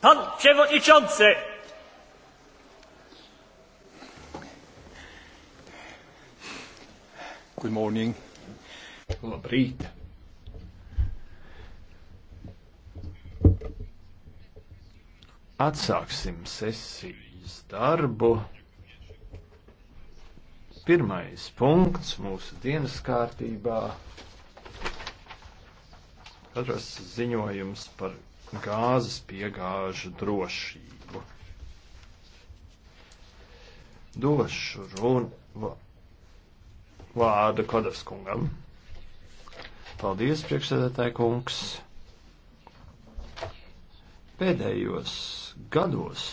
Pan przewodniczący! Good morning. Labrīt. Atsāksim sesijas darbu. Pirmais punkts mūsu dienas kārtībā. Katrs ziņojums par gāzes piegāžu drošību. Došu runu vārdu Kodavs kungam. Paldies, priekšsēdētāji kungs. Pēdējos gados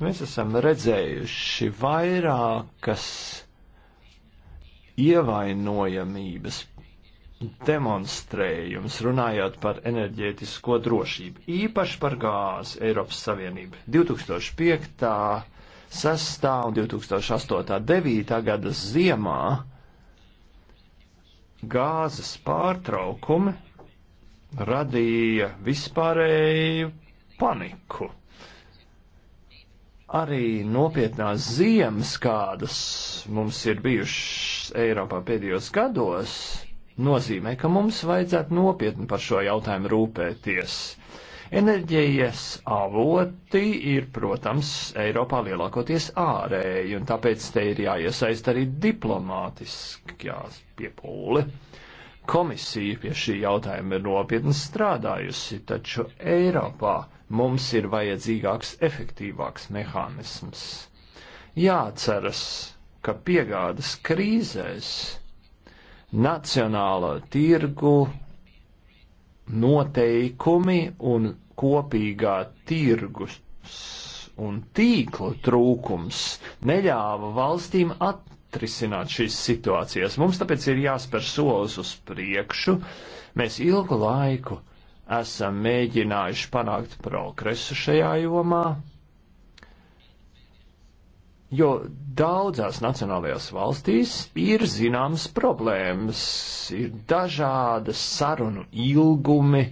mēs esam redzējuši vairākas ievainojamības demonstrējums runājot par enerģētisko drošību, īpaši par gāzi Eiropas Savienību. 2005. 6. un 2008. 9. gada ziemā gāzes pārtraukumi radīja vispārēju paniku. Arī nopietnās ziemas, kādas mums ir bijušas Eiropā pēdējos gados, nozīmē, ka mums vajadzētu nopietni par šo jautājumu rūpēties. Enerģijas avoti ir, protams, Eiropā lielākoties ārēji, un tāpēc te ir jāiesaist arī diplomātiskās piepūle. Komisija pie šī jautājuma ir nopietni strādājusi, taču Eiropā mums ir vajadzīgāks, efektīvāks mehānisms. Jāceras, ka piegādas krīzēs nacionāla tirgu noteikumi un kopīgā tirgus un tīklu trūkums neļāva valstīm atrisināt šīs situācijas. Mums tāpēc ir jāspēr solis uz priekšu. Mēs ilgu laiku esam mēģinājuši panākt progresu šajā jomā, jo daudzās nacionālajās valstīs ir zināmas problēmas, ir dažādas sarunu ilgumi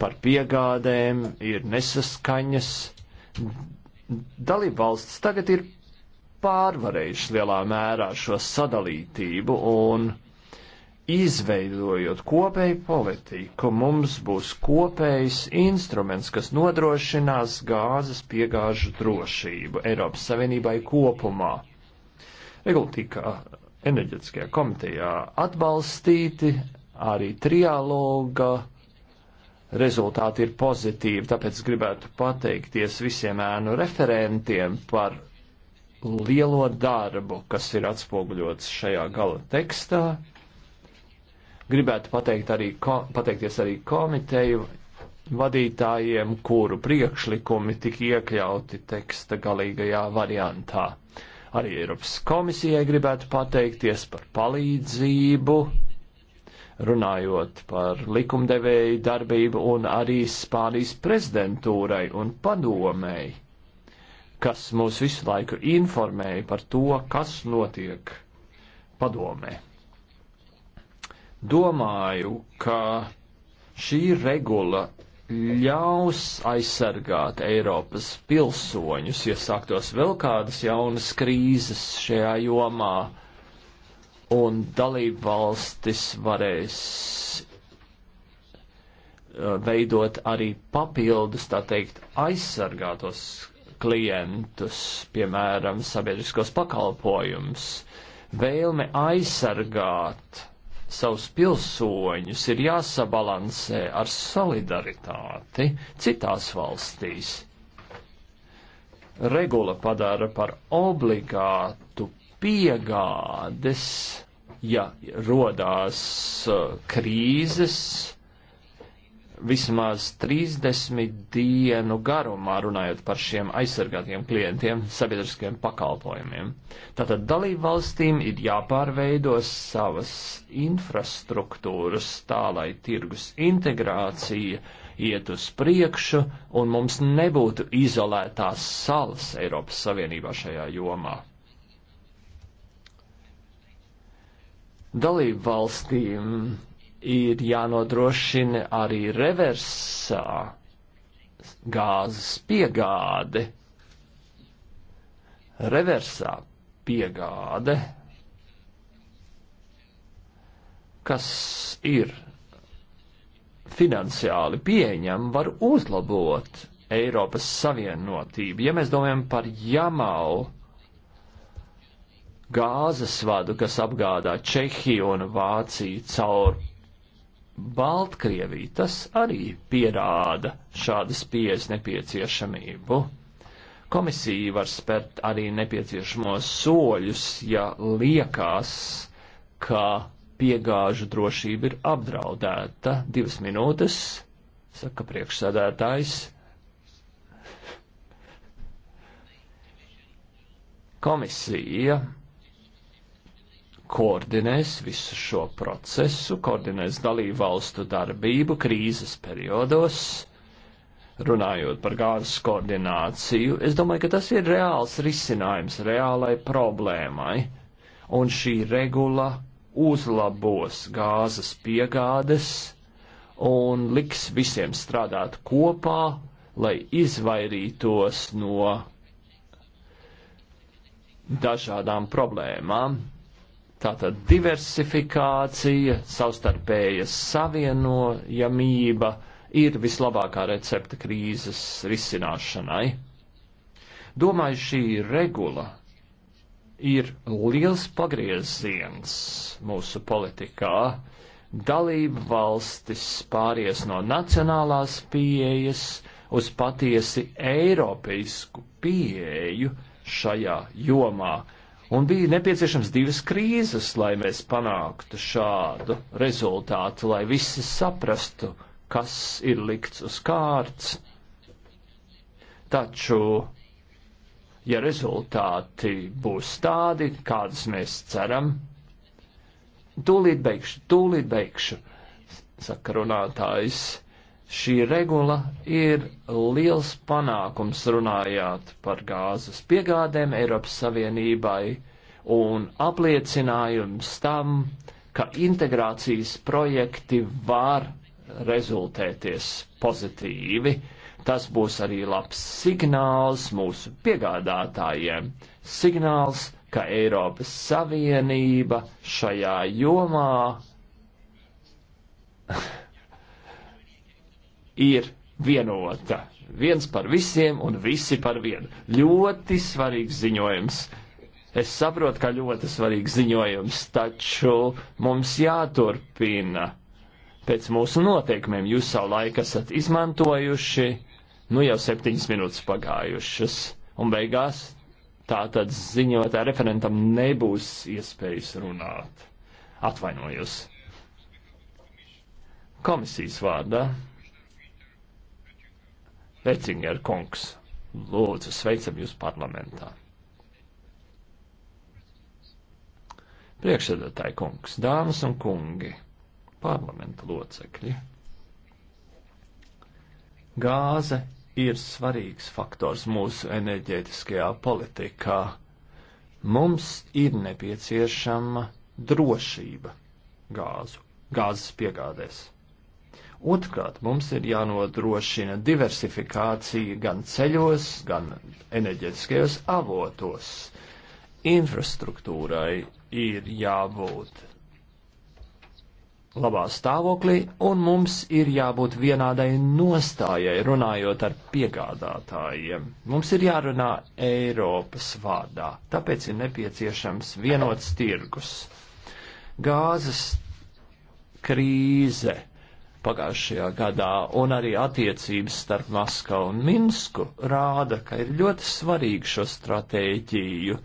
par piegādēm, ir nesaskaņas. Dalībvalsts tagad ir pārvarējušas lielā mērā šo sadalītību un Izveidojot kopēju politiku, mums būs kopējs instruments, kas nodrošinās gāzes piegāžu drošību Eiropas Savienībai kopumā. Regultīkā enerģetiskajā komitejā atbalstīti arī trialoga rezultāti ir pozitīvi, tāpēc gribētu pateikties visiem ēnu referentiem par lielo darbu, kas ir atspoguļots šajā gala tekstā Gribētu pateikt arī, ko, pateikties arī komiteju vadītājiem, kuru priekšlikumi tika iekļauti teksta galīgajā variantā. Arī Eiropas komisijai gribētu pateikties par palīdzību, runājot par likumdevēju darbību un arī Spānijas prezidentūrai un padomēji, kas mūs visu laiku informēja par to, kas notiek padomē. Domāju, ka šī regula ļaus aizsargāt Eiropas pilsoņus, ja sāktos vēl kādas jaunas krīzes šajā jomā, un dalību valstis varēs uh, veidot arī papildus, tā teikt, aizsargātos klientus, piemēram, sabiedriskos pakalpojumus, vēlme aizsargāt savus pilsoņus ir jāsabalansē ar solidaritāti citās valstīs. Regula padara par obligātu piegādes, ja rodās uh, krīzes vismaz 30 dienu garumā runājot par šiem aizsargātiem klientiem sabiedriskiem pakalpojumiem. Tātad dalību valstīm ir jāpārveido savas infrastruktūras tā, lai tirgus integrācija iet uz priekšu un mums nebūtu izolētās salas Eiropas Savienībā šajā jomā. Dalību valstīm ir jānodrošina arī reversā gāzes piegāde. Reversā piegāde, kas ir finansiāli pieņem, var uzlabot Eiropas Savienotību. Ja mēs domājam par Jamalu gāzes vadu, kas apgādā Čehiju un Vāciju caur Baltkrievija tas arī pierāda šādas pieejas nepieciešamību. Komisija var spērt arī nepieciešamos soļus, ja liekas, ka piegāžu drošība ir apdraudēta. Divas minūtes, saka priekšsēdētājs. Komisija koordinēs visu šo procesu, koordinēs dalību valstu darbību krīzes periodos, runājot par gāzes koordināciju. Es domāju, ka tas ir reāls risinājums reālai problēmai, un šī regula uzlabos gāzes piegādes un liks visiem strādāt kopā, lai izvairītos no dažādām problēmām. Tātad diversifikācija, savstarpēja savienojamība ir vislabākā recepte krīzes risināšanai. Domāju, šī regula ir liels pagrieziens mūsu politikā. Dalība valstis pāries no nacionālās pieejas uz patiesi eiropeisku pieeju šajā jomā Un bija nepieciešams divas krīzes, lai mēs panāktu šādu rezultātu, lai visi saprastu, kas ir likts uz kārts. Taču ja rezultāti būs tādi, kādas mēs ceram, tūlīt beigšu, tūlīt beigšu, saka runātājs. Šī regula ir liels panākums runājot par gāzes piegādēm Eiropas Savienībai un apliecinājums tam, ka integrācijas projekti var rezultēties pozitīvi. Tas būs arī labs signāls mūsu piegādātājiem, signāls, ka Eiropas Savienība šajā jomā ir vienota. Viens par visiem un visi par vienu. Ļoti svarīgs ziņojums. Es saprotu, ka ļoti svarīgs ziņojums, taču mums jāturpina pēc mūsu noteikumiem. Jūs savu laiku esat izmantojuši, nu jau septiņas minūtes pagājušas, un beigās tātad ziņotā referentam nebūs iespējas runāt. Atvainojos. Komisijas vārdā. Pēcinger kungs, lūdzu, sveicam jūs parlamentā. Priekšsēdētāji kungs, dāmas un kungi, parlamenta locekļi. Gāze ir svarīgs faktors mūsu enerģētiskajā politikā. Mums ir nepieciešama drošība gāzu, gāzes piegādēs. Otrkārt, mums ir jānodrošina diversifikācija gan ceļos, gan enerģetiskajos avotos. Infrastruktūrai ir jābūt labā stāvoklī, un mums ir jābūt vienādai nostājai runājot ar piegādātājiem. Mums ir jārunā Eiropas vārdā, tāpēc ir nepieciešams vienots tirgus. Gāzes krīze pagājušajā gadā, un arī attiecības starp Maskavu un Minsku rāda, ka ir ļoti svarīgi šo stratēģiju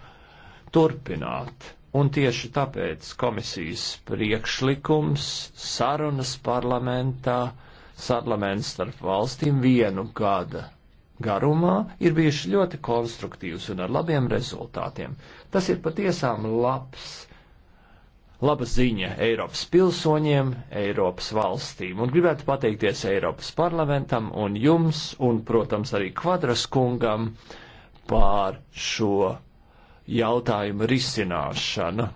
turpināt. Un tieši tāpēc komisijas priekšlikums sarunas parlamentā, sarlaments starp valstīm vienu gada garumā ir bijuši ļoti konstruktīvs un ar labiem rezultātiem. Tas ir patiesām labs laba ziņa Eiropas pilsoņiem, Eiropas valstīm. Un gribētu pateikties Eiropas parlamentam un jums, un, protams, arī Kvadras kungam pār šo jautājumu risināšanu.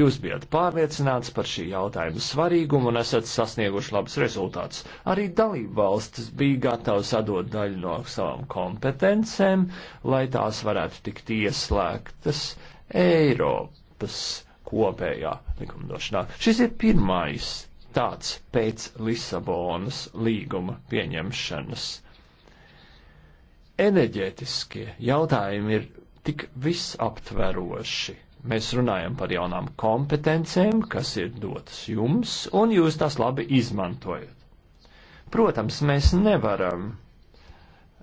Jūs bijat pārliecināts par šī jautājuma svarīgumu un esat sasnieguši labus rezultātus. Arī dalību valstis bija gatavs atdot daļu no savām kompetencēm, lai tās varētu tikt ieslēgtas Eiropas kopējā likumdošanā. Šis ir pirmais tāds pēc Lisabonas līguma pieņemšanas. Enerģētiskie jautājumi ir tik visaptveroši. Mēs runājam par jaunām kompetencēm, kas ir dotas jums, un jūs tās labi izmantojat. Protams, mēs nevaram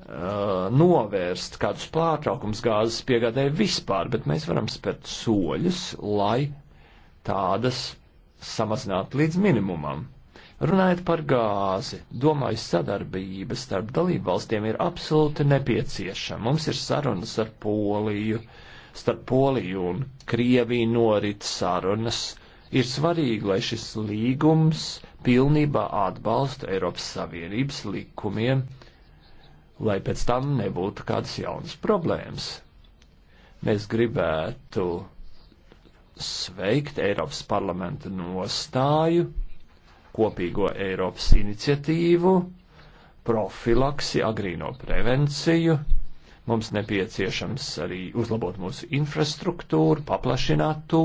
uh, novērst kādus pārtraukums gāzes piegādē vispār, bet mēs varam spērt soļus, lai tādas samazinātu līdz minimumam. Runājot par gāzi, domāju, sadarbība starp dalībvalstiem ir absolūti nepieciešama. Mums ir sarunas ar Poliju, starp Poliju un Krieviju norit sarunas. Ir svarīgi, lai šis līgums pilnībā atbalsta Eiropas Savienības likumiem, lai pēc tam nebūtu kādas jaunas problēmas. Mēs gribētu sveikt Eiropas parlamenta nostāju, kopīgo Eiropas iniciatīvu, profilaksi, agrīno prevenciju. Mums nepieciešams arī uzlabot mūsu infrastruktūru, paplašināt to,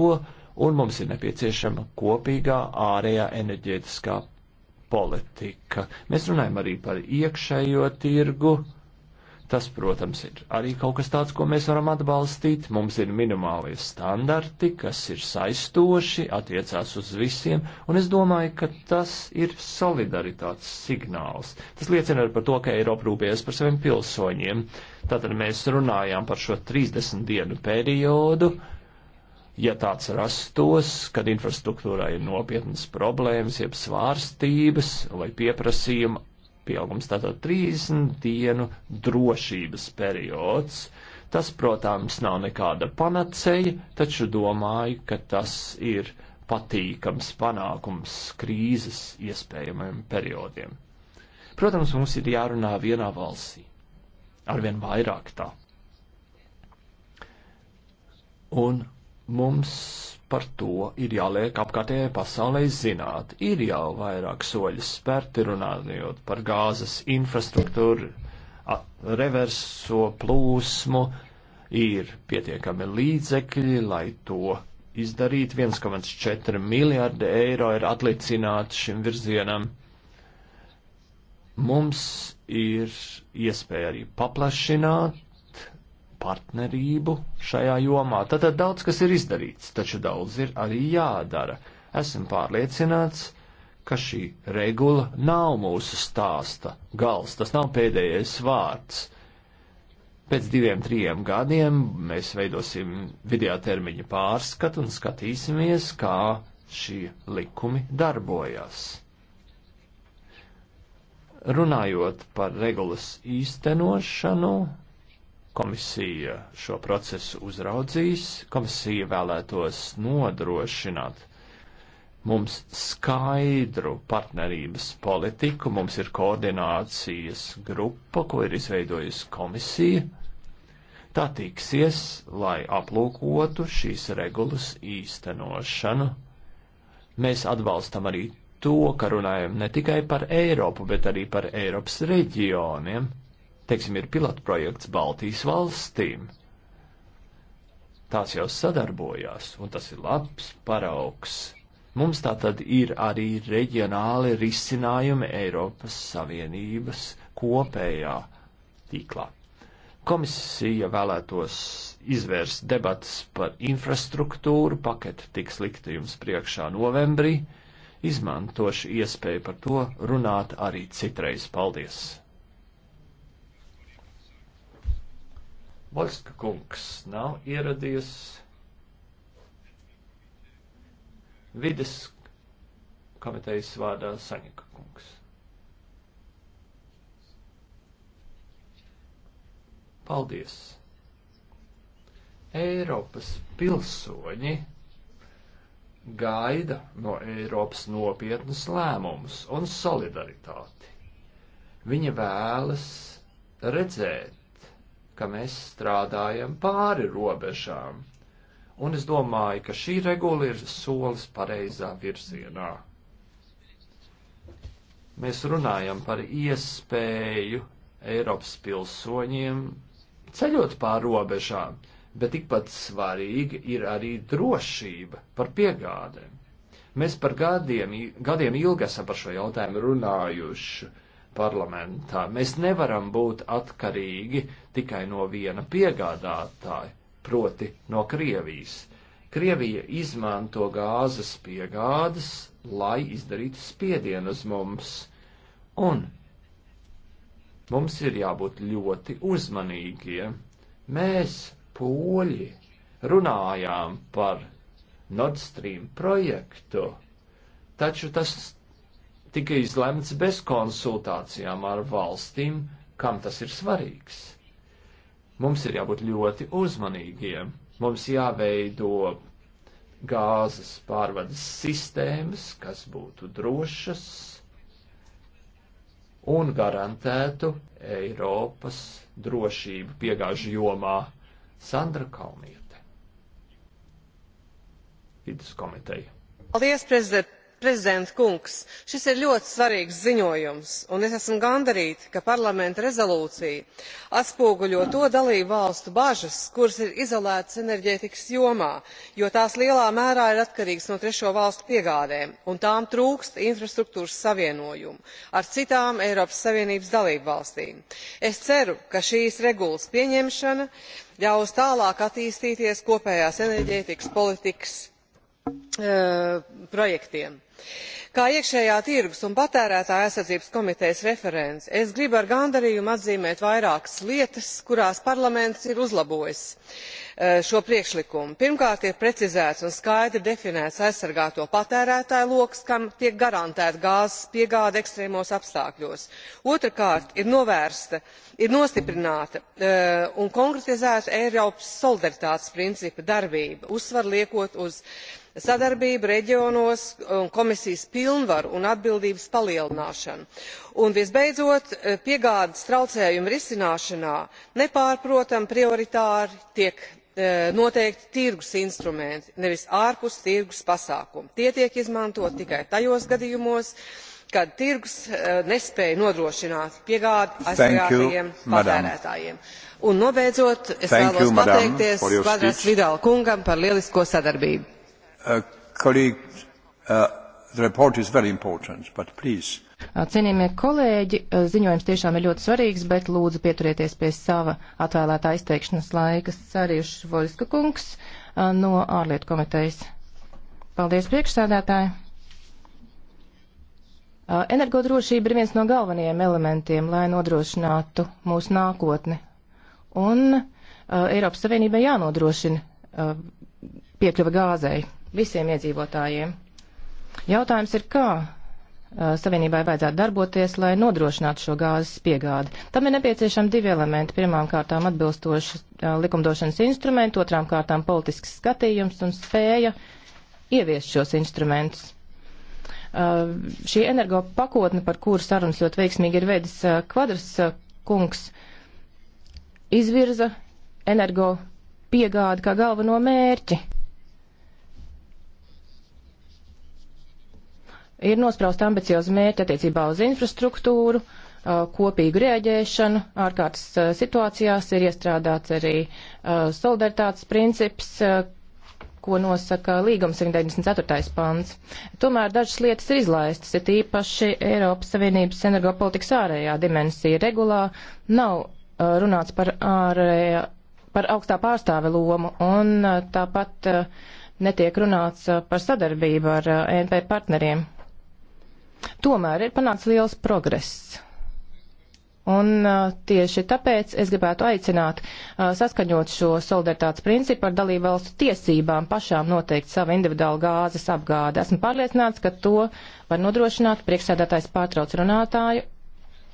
un mums ir nepieciešama kopīgā ārējā enerģētiskā politika. Mēs runājam arī par iekšējo tirgu. Tas, protams, ir arī kaut kas tāds, ko mēs varam atbalstīt. Mums ir minimālie standarti, kas ir saistoši, attiecās uz visiem, un es domāju, ka tas ir solidaritātes signāls. Tas liecina par to, ka Eiropa rūpējas par saviem pilsoņiem. Tātad mēs runājām par šo 30 dienu periodu, ja tāds rastos, kad infrastruktūrā ir nopietnas problēmas, jeb svārstības vai pieprasījuma pieaugums, tātad 30 dienu drošības periods. Tas, protams, nav nekāda panaceja, taču domāju, ka tas ir patīkams panākums krīzes iespējamajiem periodiem. Protams, mums ir jārunā vienā valsī, arvien vairāk tā. Un mums par to ir jāliek apkārtējai pasaulē zināt. Ir jau vairāk soļi spērti runājot par gāzes infrastruktūru, reverso plūsmu, ir pietiekami līdzekļi, lai to izdarītu. 1,4 miljārdi eiro ir atlicināti šim virzienam. Mums ir iespēja arī paplašināt partnerību šajā jomā. Tātad daudz kas ir izdarīts, taču daudz ir arī jādara. Esmu pārliecināts, ka šī regula nav mūsu stāsta gals, tas nav pēdējais vārds. Pēc diviem, trim gadiem mēs veidosim video termiņu pārskatu un skatīsimies, kā šie likumi darbojas. Runājot par regulas īstenošanu, Komisija šo procesu uzraudzīs, komisija vēlētos nodrošināt mums skaidru partnerības politiku, mums ir koordinācijas grupa, ko ir izveidojusi komisija. Tā tiksies, lai aplūkotu šīs regulas īstenošanu. Mēs atbalstam arī to, ka runājam ne tikai par Eiropu, bet arī par Eiropas reģioniem. Teiksim, ir pilotprojekts Baltijas valstīm. Tās jau sadarbojās, un tas ir labs paraugs. Mums tā tad ir arī reģionāli risinājumi Eiropas Savienības kopējā tīklā. Komisija vēlētos izvērst debatas par infrastruktūru, paketi tiks likta jums priekšā novembrī. Izmantošu iespēju par to runāt arī citreiz. Paldies! Boļska kungs nav ieradies. Vides komitejas vārdā Saņika kungs. Paldies! Eiropas pilsoņi gaida no Eiropas nopietnas lēmumus un solidaritāti. Viņa vēlas redzēt ka mēs strādājam pāri robežām. Un es domāju, ka šī regula ir solis pareizā virzienā. Mēs runājam par iespēju Eiropas pilsoņiem ceļot pāri robežām, bet tikpat svarīga ir arī drošība par piegādēm. Mēs par gadiem, gadiem ilgi esam par šo jautājumu runājuši parlamentā. Mēs nevaram būt atkarīgi tikai no viena piegādātāja, proti no Krievijas. Krievija izmanto gāzes piegādes, lai izdarītu spiedienu uz mums. Un mums ir jābūt ļoti uzmanīgiem. Mēs, poļi, runājām par Nord Stream projektu, taču tas tika izlemts bez konsultācijām ar valstīm, kam tas ir svarīgs. Mums ir jābūt ļoti uzmanīgiem. Mums jāveido gāzes pārvades sistēmas, kas būtu drošas un garantētu Eiropas drošību piegāžu jomā Sandra Kalniete. Vidus komiteja. Paldies, prezident! prezidenta kungs šis ir ļoti svarīgs ziņojums un es esmu gandarīta ka parlamenta rezolūcija atspoguļo to dalību valstu bažas kuras ir izolētas enerģētikas jomā jo tās lielā mērā ir atkarīgas no trešo valstu piegādēm un tām trūkst infrastruktūras savienojumu ar citām eiropas savienības dalību valstīm. es ceru ka šīs regulas pieņemšana ļaus tālāk attīstīties kopējās enerģētikas politikas eh, projektiem kā iekšējā tirgus un patērētāju aizsardzības komitejas referente es gribu ar gandarījumu atzīmēt vairākas lietas kurās parlaments ir uzlabojis e, šo priekšlikumu. pirmkārt ir precizēts un skaidri definēts aizsargāto patērētāju lokus kam tiek garantēta gāzes piegāde ekstrēmos apstākļos. otrkārt ir novērsta ir nostiprināta e, un konkretizēta eiropas solidaritātes principa darbība uzsvaru liekot uz sadarbību reģionos un komisijas pilnvaru un atbildības palielināšanu un visbeidzot eh, piegādes traucējumu risināšanā nepārprotami prioritāri tiek eh, noteikti tirgus instrumenti nevis ārpus tirgus pasākumi. tie tiek izmantoti tikai tajos gadījumos kad tirgus eh, nespēj nodrošināt piegādi aizsargātajiem patērētājiem. un nobeidzot es Thank vēlos you, pateikties kvadras vidal kungam par lielisko sadarbību. Uh, colleague, uh, the report is very important, but please. Uh, cienījamie kolēģi, uh, ziņojums tiešām ir ļoti svarīgs, bet lūdzu pieturieties pie sava atvēlētā izteikšanas laika. Sārījušs Voļska kungs uh, no ārlietu komitejas. Paldies priekšsēdētāji. Energodrošība ir viens no galvenajiem elementiem, lai nodrošinātu mūsu nākotni. Un uh, Eiropas Savienībai jānodrošina uh, piekļuva gāzei visiem iedzīvotājiem. Jautājums ir, kā Savienībai vajadzētu darboties, lai nodrošinātu šo gāzes piegādi. Tam ir nepieciešami divi elementi. Pirmām kārtām atbilstoši likumdošanas instrumenti, otrām kārtām politisks skatījums un spēja ieviest šos instrumentus. Šī energo pakotne, par kuru sarunas ļoti veiksmīgi ir veidis kvadrs kungs, izvirza energo piegādi kā galveno mērķi Ir nospraust ambiciozi mērķi attiecībā uz infrastruktūru, uh, kopīgu rēģēšanu ārkārtas uh, situācijās, ir iestrādāts arī uh, solidaritātes princips, ko nosaka līgums 94. pants. Tomēr dažas lietas ir izlaistas, ir īpaši Eiropas Savienības energopolitikas ārējā dimensija regulā, nav runāts par, ārējā, par augstā pārstāve lomu un tāpat netiek runāts par sadarbību ar NP partneriem. Tomēr ir panāks liels progress. Un uh, tieši tāpēc es gribētu aicināt uh, saskaņot šo solidaritātes principu ar dalību valstu tiesībām pašām noteikt savu individuālu gāzes apgādi. Esmu pārliecināts, ka to var nodrošināt priekšsēdētājs pārtrauc runātāju.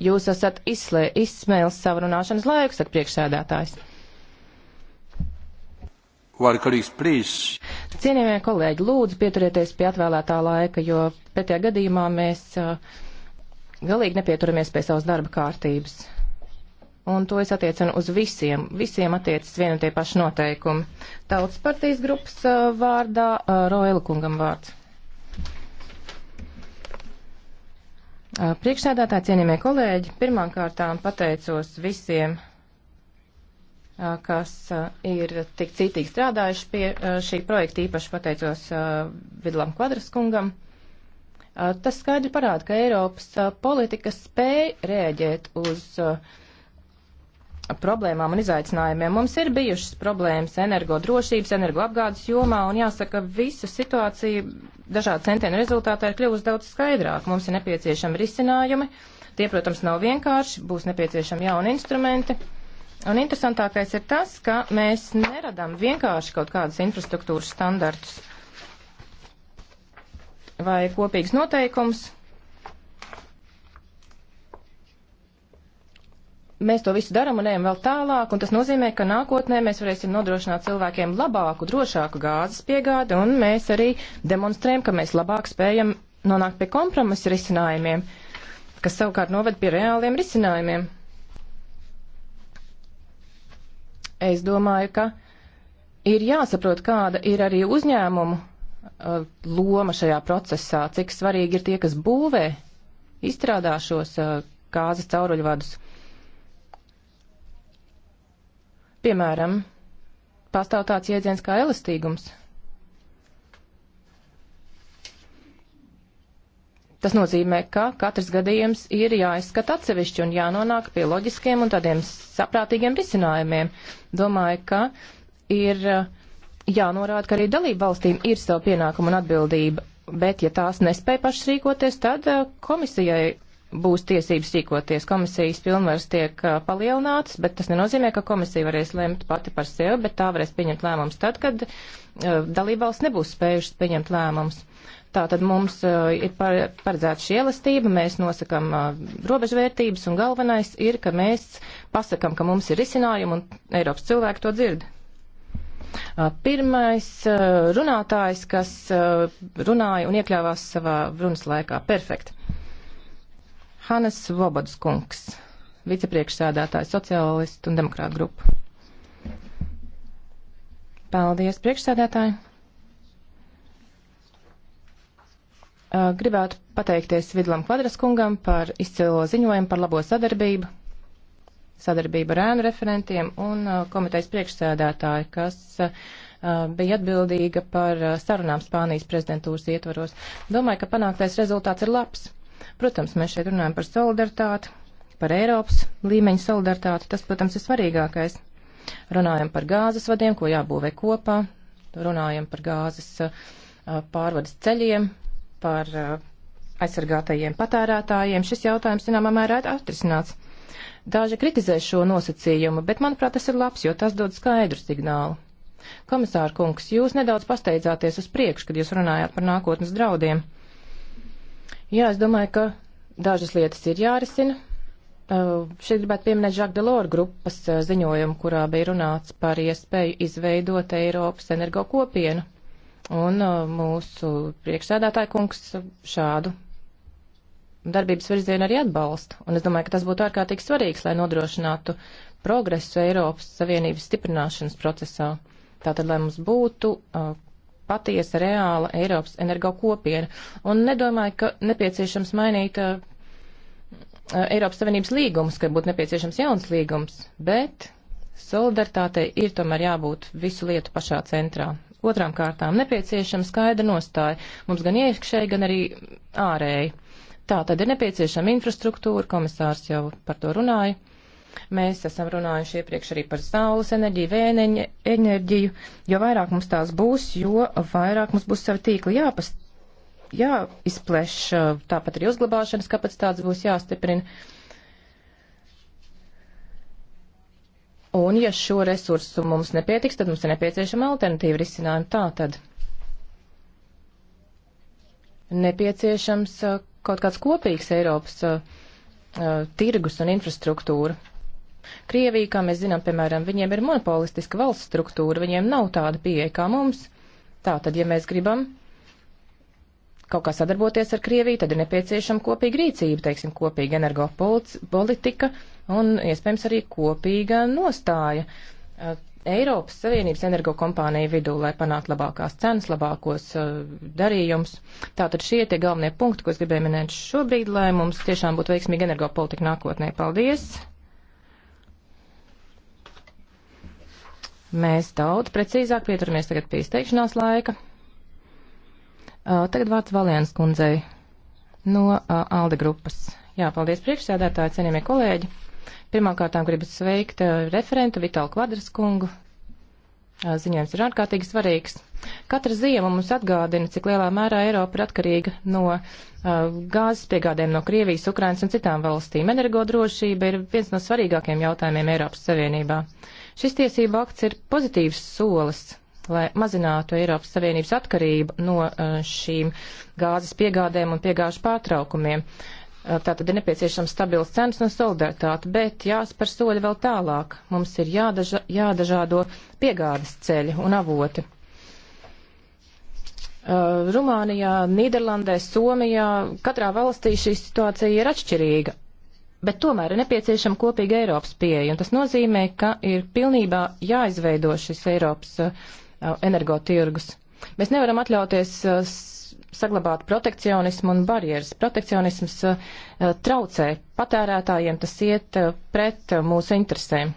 Jūs esat izslē, izsmēlis savu runāšanas laiku, saka priekšsēdētājs. Cienījamie kolēģi, lūdzu pieturieties pie atvēlētā laika, jo pretējā gadījumā mēs uh, galīgi nepieturamies pie savas darba kārtības. Un to es attiecinu uz visiem. Visiem attiecas vien un tie paši noteikumi. Tautas partijas grupas uh, vārdā uh, Roela kungam vārds. Priekšsēdētāji, cienījamie kolēģi, pirmkārtām pateicos visiem kas ir tik citīgi strādājuši pie šī projekta, īpaši pateicos Vidlam Kvadraskungam. Tas skaidri parāda, ka Eiropas politika spēj rēģēt uz problēmām un izaicinājumiem. Mums ir bijušas problēmas energodrošības, energoapgādes jomā, un jāsaka, visa situācija dažādu centienu rezultātā ir kļuvusi daudz skaidrāk. Mums ir nepieciešami risinājumi. Tie, protams, nav vienkārši, būs nepieciešami jauni instrumenti. Uh, Un interesantākais ir tas, ka mēs neradām vienkārši kaut kādus infrastruktūras standartus vai kopīgs noteikums. Mēs to visu darām un ejam vēl tālāk, un tas nozīmē, ka nākotnē mēs varēsim nodrošināt cilvēkiem labāku, drošāku gāzes piegādi, un mēs arī demonstrējam, ka mēs labāk spējam nonākt pie kompromisa risinājumiem, kas savukārt noved pie reāliem risinājumiem. es domāju, ka ir jāsaprot, kāda ir arī uzņēmumu uh, loma šajā procesā, cik svarīgi ir tie, kas būvē, izstrādā šos uh, kāzas cauruļvadus. Piemēram, pastāv tāds jēdziens kā elastīgums. Tas nozīmē, ka katrs gadījums ir jāizskata atsevišķi un jānonāk pie loģiskiem un tādiem saprātīgiem risinājumiem. Domāju, ka ir uh, jānorāda, ka arī dalību valstīm ir savu pienākumu un atbildība, bet ja tās nespēja pašas rīkoties, tad uh, komisijai būs tiesības rīkoties. Komisijas pilnvaras tiek uh, palielinātas, bet tas nenozīmē, ka komisija varēs lemt pati par sevi, bet tā varēs pieņemt lēmumus tad, kad uh, dalībvalsts nebūs spējušas pieņemt lēmumus. Tātad mums uh, ir paredzēta šī elastība, mēs nosakam uh, robežvērtības un galvenais ir, ka mēs pasakam, ka mums ir risinājumi un Eiropas cilvēki to dzird. Uh, pirmais runātājs, kas runāja un iekļāvās savā runas laikā. Perfekt. Hannes Vobodskungs, vicepriekšsēdētājs sociālistu un demokrātu grupu. Paldies, priekšsēdētāji! Uh, gribētu pateikties Vidlam Kvadraskungam par izcilo ziņojumu par labo sadarbību, sadarbību ar ēnu referentiem un uh, komitejas priekšsēdētāju, kas uh, bija atbildīga par sarunām Spānijas prezidentūras ietvaros. Domāju, ka panāktais rezultāts ir labs. Protams, mēs šeit runājam par solidaritāti, par Eiropas līmeņa solidaritāti. Tas, protams, ir svarīgākais. Runājam par gāzes vadiem, ko jābūvē kopā, runājam par gāzes pārvades ceļiem, par eh, aizsargātajiem patērētājiem, šis jautājums, zināmā mērā, ir atrisināts. Daži kritizē šo nosacījumu, bet, manuprāt, tas ir labs, jo tas dod skaidru signālu. Komisāra kungs, jūs nedaudz pasteidzāties uz priekšu, kad jūs runājāt par nākotnes draudiem. Jā, es domāju, ka dažas lietas ir jārisina. Eh, šeit gribētu pieminēt Žak Delora grupas eh, ziņojumu, kurā bija runāts par iespēju izveidot Eiropas energo kopienu Un uh, mūsu priekšsēdētāja kungs šādu darbības virzienu arī atbalsta. Un es domāju, ka tas būtu ārkārtīgi svarīgs, lai nodrošinātu progresu Eiropas Savienības stiprināšanas procesā. Tātad, lai mums būtu uh, patiesa, reāla Eiropas energo kopiena. Un nedomāju, ka nepieciešams mainīt uh, uh Eiropas Savienības līgumus, ka būtu nepieciešams jauns līgums, bet solidaritātei ir tomēr jābūt visu lietu pašā centrā. Otrām kārtām nepieciešama skaidra nostāja mums gan iekšēji, gan arī ārēji. Tā tad ir nepieciešama infrastruktūra, komisārs jau par to runāja. Mēs esam runājuši iepriekš arī par saules enerģiju, vēneņa enerģiju. Jo vairāk mums tās būs, jo vairāk mums būs savi tīkli jāpast, jāizpleš, tāpat arī uzglabāšanas kapacitātes būs jāstiprina. Un, ja šo resursu mums nepietiks, tad mums ir nepieciešama alternatīva risinājuma. Tā tad nepieciešams uh, kaut kāds kopīgs Eiropas uh, uh, tirgus un infrastruktūra. Krievija, kā mēs zinām, piemēram, viņiem ir monopolistiska valsts struktūra, viņiem nav tāda pieeja kā mums. Tātad, ja mēs gribam kaut kā sadarboties ar Krieviju, tad ir nepieciešama kopīga rīcība, teiksim, kopīga energopolitika. Polit un iespējams arī kopīga nostāja uh, Eiropas Savienības energokompāniju vidū, lai panāktu labākās cenas, labākos uh, darījumus. Tātad šie tie galvenie punkti, ko es gribēju minēt šobrīd, lai mums tiešām būtu veiksmīga energopolitika nākotnē. Paldies! Mēs daudz precīzāk pieturamies tagad pie izteikšanās laika. Uh, tagad vārds Valēnas kundzei no Alde grupas. Jā, paldies priekšsēdētāji, cienījamie kolēģi. Pirmkārtām gribu sveikt eh, referentu Vitālu Kvadraskungu. Eh, ziņojums ir ārkārtīgi svarīgs. Katra ziema mums atgādina, cik lielā mērā Eiropa ir atkarīga no uh, gāzes piegādēm no Krievijas, Ukrainas un citām valstīm. Energodrošība ir viens no svarīgākajiem jautājumiem Eiropas Savienībā. Šis tiesība akts ir pozitīvs solis, lai mazinātu Eiropas Savienības atkarību no uh, šīm gāzes piegādēm un piegāžu pārtraukumiem. Uh, Tātad ir nepieciešams stabils cenas un solidaritāte, bet jāspēr soļi vēl tālāk. Mums ir jādaža, jādažādo piegādes ceļi un avoti. Uh, Rumānijā, Nīderlandē, Somijā, katrā valstī šī situācija ir atšķirīga, bet tomēr ir nepieciešama kopīga Eiropas pieeja, un tas nozīmē, ka ir pilnībā jāizveido šis Eiropas uh, energotirgus. Mēs nevaram atļauties uh, saglabāt protekcionismu un barjeras. Protekcionisms eh, traucē patērētājiem, tas iet eh, pret eh, mūsu interesēm.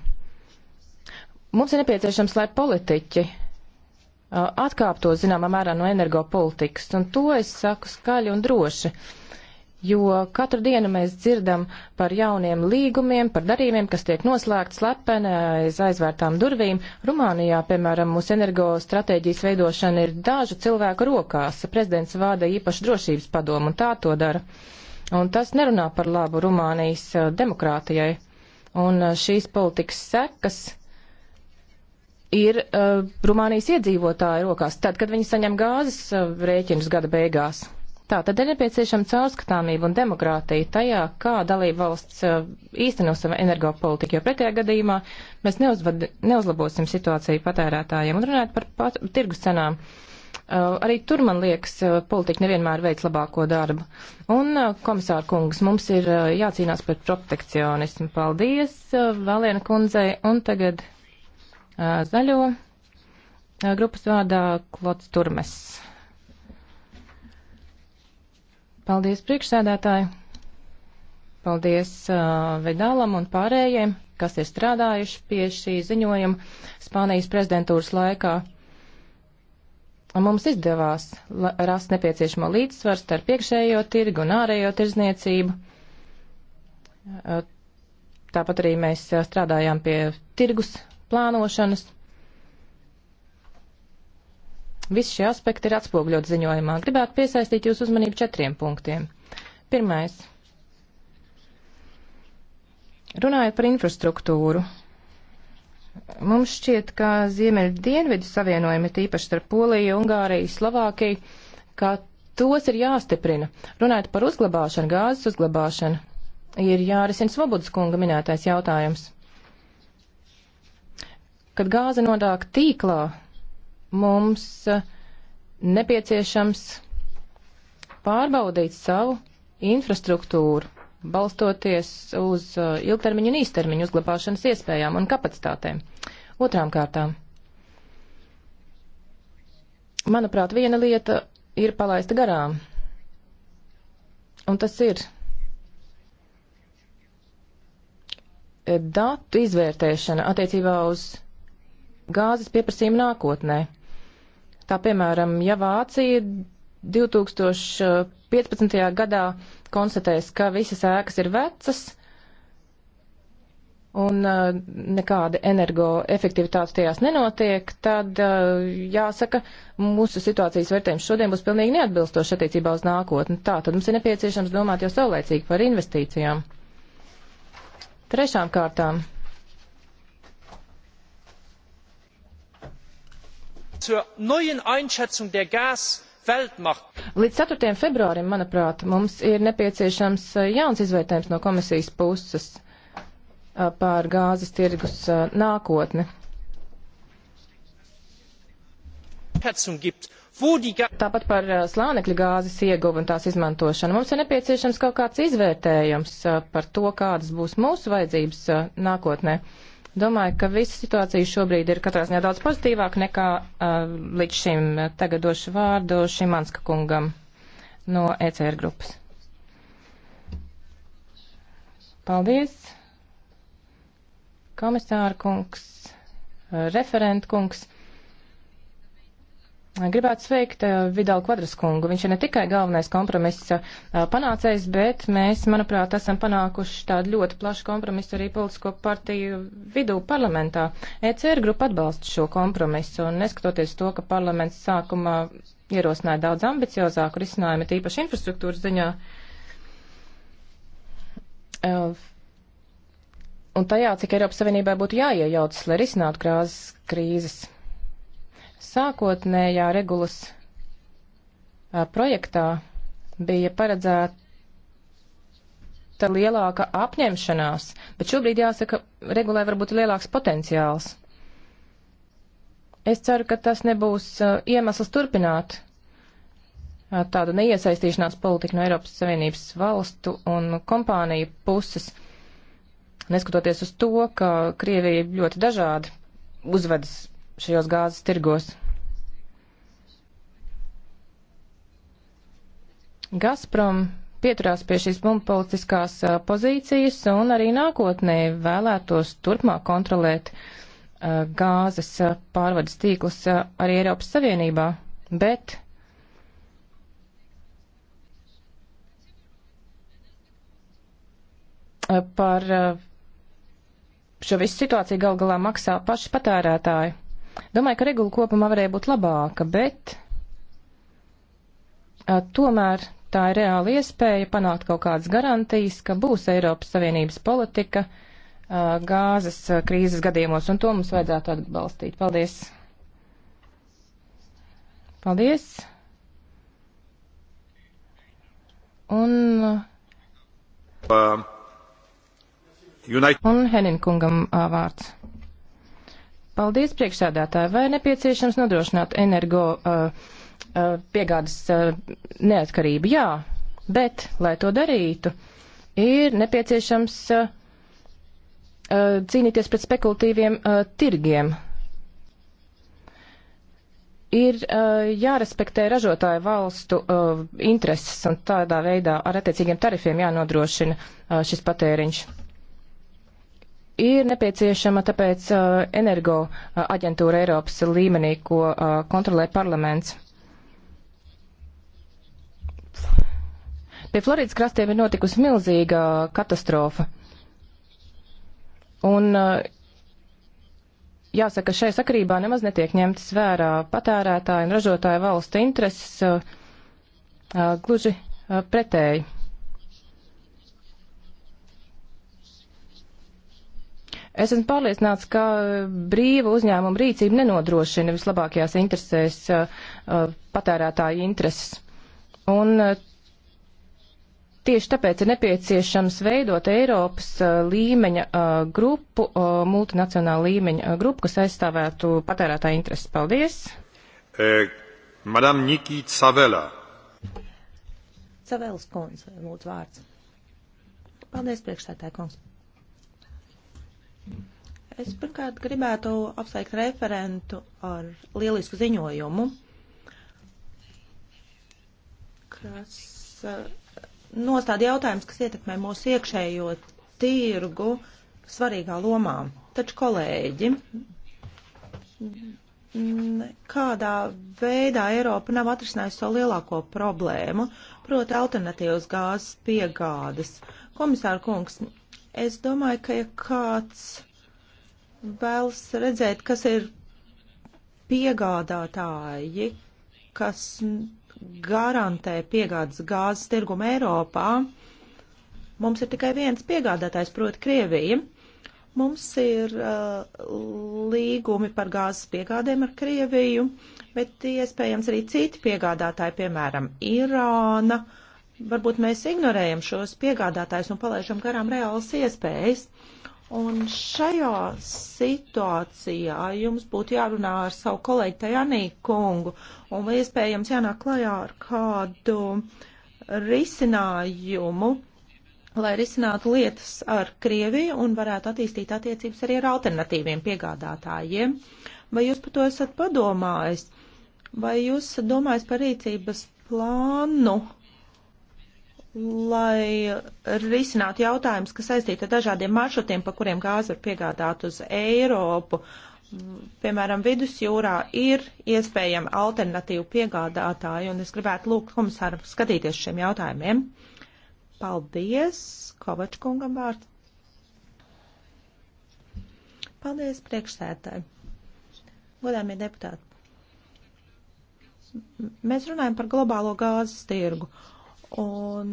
Mums ir nepieciešams, lai politiķi atkāptos zināmā mērā no energopolitikas, un to es saku skaļi un droši. Uh, jo katru dienu mēs dzirdam par jauniem līgumiem, par darījumiem, kas tiek noslēgts slepeni aiz aizvērtām durvīm. Rumānijā, piemēram, mūsu energostratēģijas veidošana ir dažu cilvēku rokās. Prezidents vāda īpašu drošības padomu un tā to dara. Un tas nerunā par labu Rumānijas eh, demokrātijai. Un eh, šīs politikas sekas ir uh, Rumānijas iedzīvotāju rokās, tad, kad viņi saņem gāzes uh, rēķinus gada beigās. Tā tad ir nepieciešama caurskatāmība un demokrātija tajā, kā dalība valsts uh, īsteno savu energopolitiku, jo pretējā gadījumā mēs neuzvad, neuzlabosim situāciju patērētājiem. Un runājot par pat, tirgus cenām, uh, arī tur, man liekas, uh, politika nevienmēr veic labāko darbu. Un, komisāra kungs, mums ir jācīnās pret protekcionismu. Paldies, Valēna kundzei, un tagad zaļo grupas vārdā Klots Turmes. Paldies priekšsēdētāji. Paldies uh, Vedālam un pārējiem, kas ir strādājuši pie šī ziņojuma Spānijas prezidentūras laikā. Un mums izdevās rast nepieciešamo līdzsvaru starp iekšējo tirgu un ārējo tirzniecību. Uh, tāpat arī mēs uh, strādājām pie tirgus plānošanas. Visi šie aspekti ir atspogļot ziņojumā. Gribētu piesaistīt jūsu uzmanību četriem punktiem. Pirmais. Runājot par infrastruktūru. Mums šķiet, ka ziemeļu dienvidu savienojumi, tīpaši starp Poliju, Ungāriju, Slovākiju, ka tos ir jāstiprina. Runājot par uzglabāšanu, gāzes uzglabāšanu, ir jārisina Svobodas kunga minētais jautājums. Kad gāze nonāk tīklā, mums eh, nepieciešams pārbaudīt savu infrastruktūru, balstoties uz eh, ilgtermiņu un īstermiņu uzglabāšanas iespējām un kapacitātēm. Otrām kārtām, manuprāt, viena lieta ir palaista garām, un tas ir eh, datu izvērtēšana attiecībā uz gāzes pieprasījumu nākotnē. Tā piemēram, ja Vācija 2015. gadā konstatēs, ka visas ēkas ir vecas un uh, nekāda energoefektivitāte tajās nenotiek, tad uh, jāsaka, mūsu situācijas vērtējums šodien būs pilnīgi neatbilstoši attiecībā uz nākotni. Tā tad mums ir nepieciešams domāt jau saulēcīgi par investīcijām. Trešām kārtām zur neuen Einschätzung der Gas Līdz 4. februārim, manuprāt, mums ir nepieciešams eh, jauns izvērtējums no komisijas puses eh, pār gāzes tirgus eh, nākotni. Tāpat par slānekļa gāzes ieguvu un tās izmantošanu. Mums ir nepieciešams kaut kāds izvērtējums par to, kādas būs mūsu vajadzības nākotnē. Domāju, ka visa situācija šobrīd ir katrā ziņā daudz pozitīvāka nekā uh, līdz šim. Tagad došu vārdu Šimanska kungam no ECR grupas. Paldies, komisāra kungs, referent kungs. Gribētu sveikt uh, eh, Vidalu Kvadraskungu. Viņš ir ne tikai galvenais kompromiss uh, panācējs, bet mēs, manuprāt, esam panākuši tādu ļoti plašu kompromisu arī politisko partiju vidū parlamentā. ECR grupa atbalsta šo kompromisu, un neskatoties to, ka parlaments sākumā ierosināja daudz ambiciozāku risinājumu, tīpaši infrastruktūras ziņā. Uh, un tajā, cik Eiropas Savienībai būtu jāiejaucas, lai risinātu krāzes krīzes. Sākotnējā regulas projektā bija paredzēta lielāka apņemšanās, bet šobrīd jāsaka, regulē varbūt lielāks potenciāls. Es ceru, ka tas nebūs iemesls turpināt tādu neiesaistīšanās politiku no Eiropas Savienības valstu un kompāniju puses, neskatoties uz to, ka Krievija ļoti dažādi uzvedas šajos gāzes tirgos. Gazprom pieturās pie šīs politiskās pozīcijas un arī nākotnē vēlētos turpmāk kontrolēt uh, gāzes pārvades tīklus uh, arī Eiropas Savienībā, bet par šo visu situāciju gal galā maksā paši patērētāji. Domāju, ka regula kopumā varēja būt labāka, bet a, tomēr tā ir reāla iespēja panākt kaut kādas garantijas, ka būs Eiropas Savienības politika a, gāzes a, krīzes gadījumos, un to mums vajadzētu atbalstīt. Paldies! Paldies! Un, uh, United... un Henin kungam uh, vārds. Paldies, priekšsēdētāji. Vai nepieciešams nodrošināt energo uh, uh, piegādes uh, neatkarību? Jā, bet, lai to darītu, ir nepieciešams uh, uh, cīnīties pret spekulatīviem uh, tirgiem. Ir uh, jārespektē ražotāju valstu uh, intereses un tādā veidā ar attiecīgiem tarifiem jānodrošina uh, šis patēriņš ir nepieciešama tāpēc uh, energo uh, aģentūra Eiropas līmenī, ko uh, kontrolē parlaments. Pie Floridas krastiem ir notikusi milzīga katastrofa. Un jāsaka, šai sakarībā nemaz netiek ņemtas vērā patērētāju un ražotāju valstu intereses, gluži pretēji. Es esmu pārliecināts, ka brīva uzņēmuma rīcība nenodrošina vislabākajās interesēs uh, uh, patērētāju intereses. Un uh, tieši tāpēc ir nepieciešams veidot Eiropas līmeņa grupu, multinacionāla līmeņa grupu, kas aizstāvētu patērētāju intereses. Paldies! E, Madam Niki Cavela. Cavelas kundze, lūdzu vārds. Paldies, priekšstādāja kungs. Es pirmkārt gribētu apsveikt referentu ar lielisku ziņojumu, kas eh, nostāda jautājums, kas ietekmē mūsu iekšējo tirgu svarīgā lomā. Taču, kolēģi, kādā veidā Eiropa nav atrisinājusi savu lielāko problēmu, proti alternatīvas gāzes piegādes. Komisāra kungs, Es domāju, ka ja kāds vēlas redzēt, kas ir piegādātāji, kas garantē piegādes gāzes tirgumu Eiropā, mums ir tikai viens piegādātājs, proti Krievija. Mums ir uh, līgumi par gāzes piegādēm ar Krieviju, bet iespējams arī citi piegādātāji, piemēram, Irāna. Uh, varbūt mēs ignorējam šos piegādātājus un palaižam garām reālas iespējas. Un šajā situācijā jums būtu jārunā ar savu kolēģi Tajanī kungu un vai iespējams jānāk klajā ar kādu risinājumu, lai risinātu lietas ar Krieviju un varētu attīstīt attiecības arī ar alternatīviem piegādātājiem. Vai jūs par to esat padomājis? Vai jūs domājat par rīcības plānu lai risinātu jautājumus, kas saistīti ar dažādiem maršrutiem, pa kuriem gāzi var piegādāt uz Eiropu. Piemēram, vidusjūrā ir iespējama alternatīva piegādātāja, un es gribētu lūgt komisāru skatīties šiem jautājumiem. Paldies, Kovačkungam vārds. Paldies, priekšsētāji. Godāmie deputāti. Mēs runājam par globālo gāzes tirgu. Uh, Un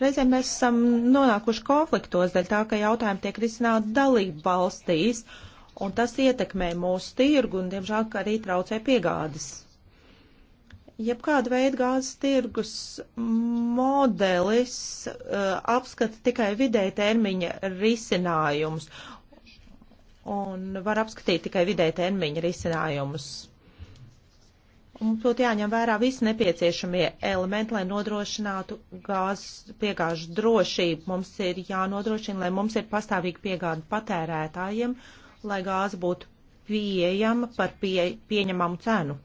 reizēm mēs esam nonākuši konfliktos dēļ tā, ka jautājumi tiek risināti dalību valstīs, un tas ietekmē mūsu tirgu un, diemžēl, arī traucē piegādes. Jebkāda veida gāzes tirgus modelis uh, apskata tikai vidēja termiņa risinājumus un var apskatīt tikai vidēja termiņa risinājumus. Mums būtu jāņem vērā visi nepieciešamie elementi, lai nodrošinātu gāzes piegāžu drošību. Mums ir jānodrošina, lai mums ir pastāvīgi piegāda patērētājiem, lai gāze būtu pieejama par pie, pieņemamu cenu.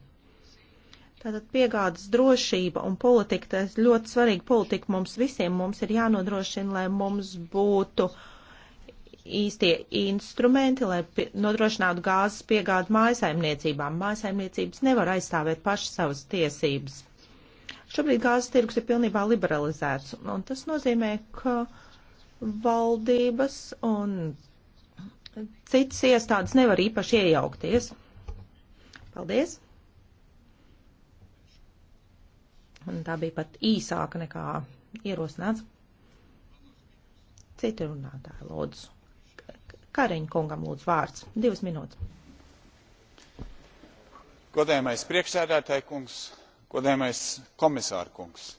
Tātad piegādes drošība un politika, tas ļoti svarīga politika mums visiem. Mums ir jānodrošina, lai mums būtu uh, īstie instrumenti, lai nodrošinātu gāzes piegādu mājasaimniecībām. Mājasaimniecības nevar aizstāvēt paši savas tiesības. Šobrīd gāzes tirgus ir pilnībā liberalizēts, un tas nozīmē, ka valdības un citas iestādes nevar īpaši iejaukties. Paldies! Un tā bija pat īsāka nekā ierosināts. Citi runātāji, lūdzu. Kareņa kungam lūdzu vārds. Divas minūtes. Godējamais priekšsēdētāji kungs, godējamais komisāra kungs.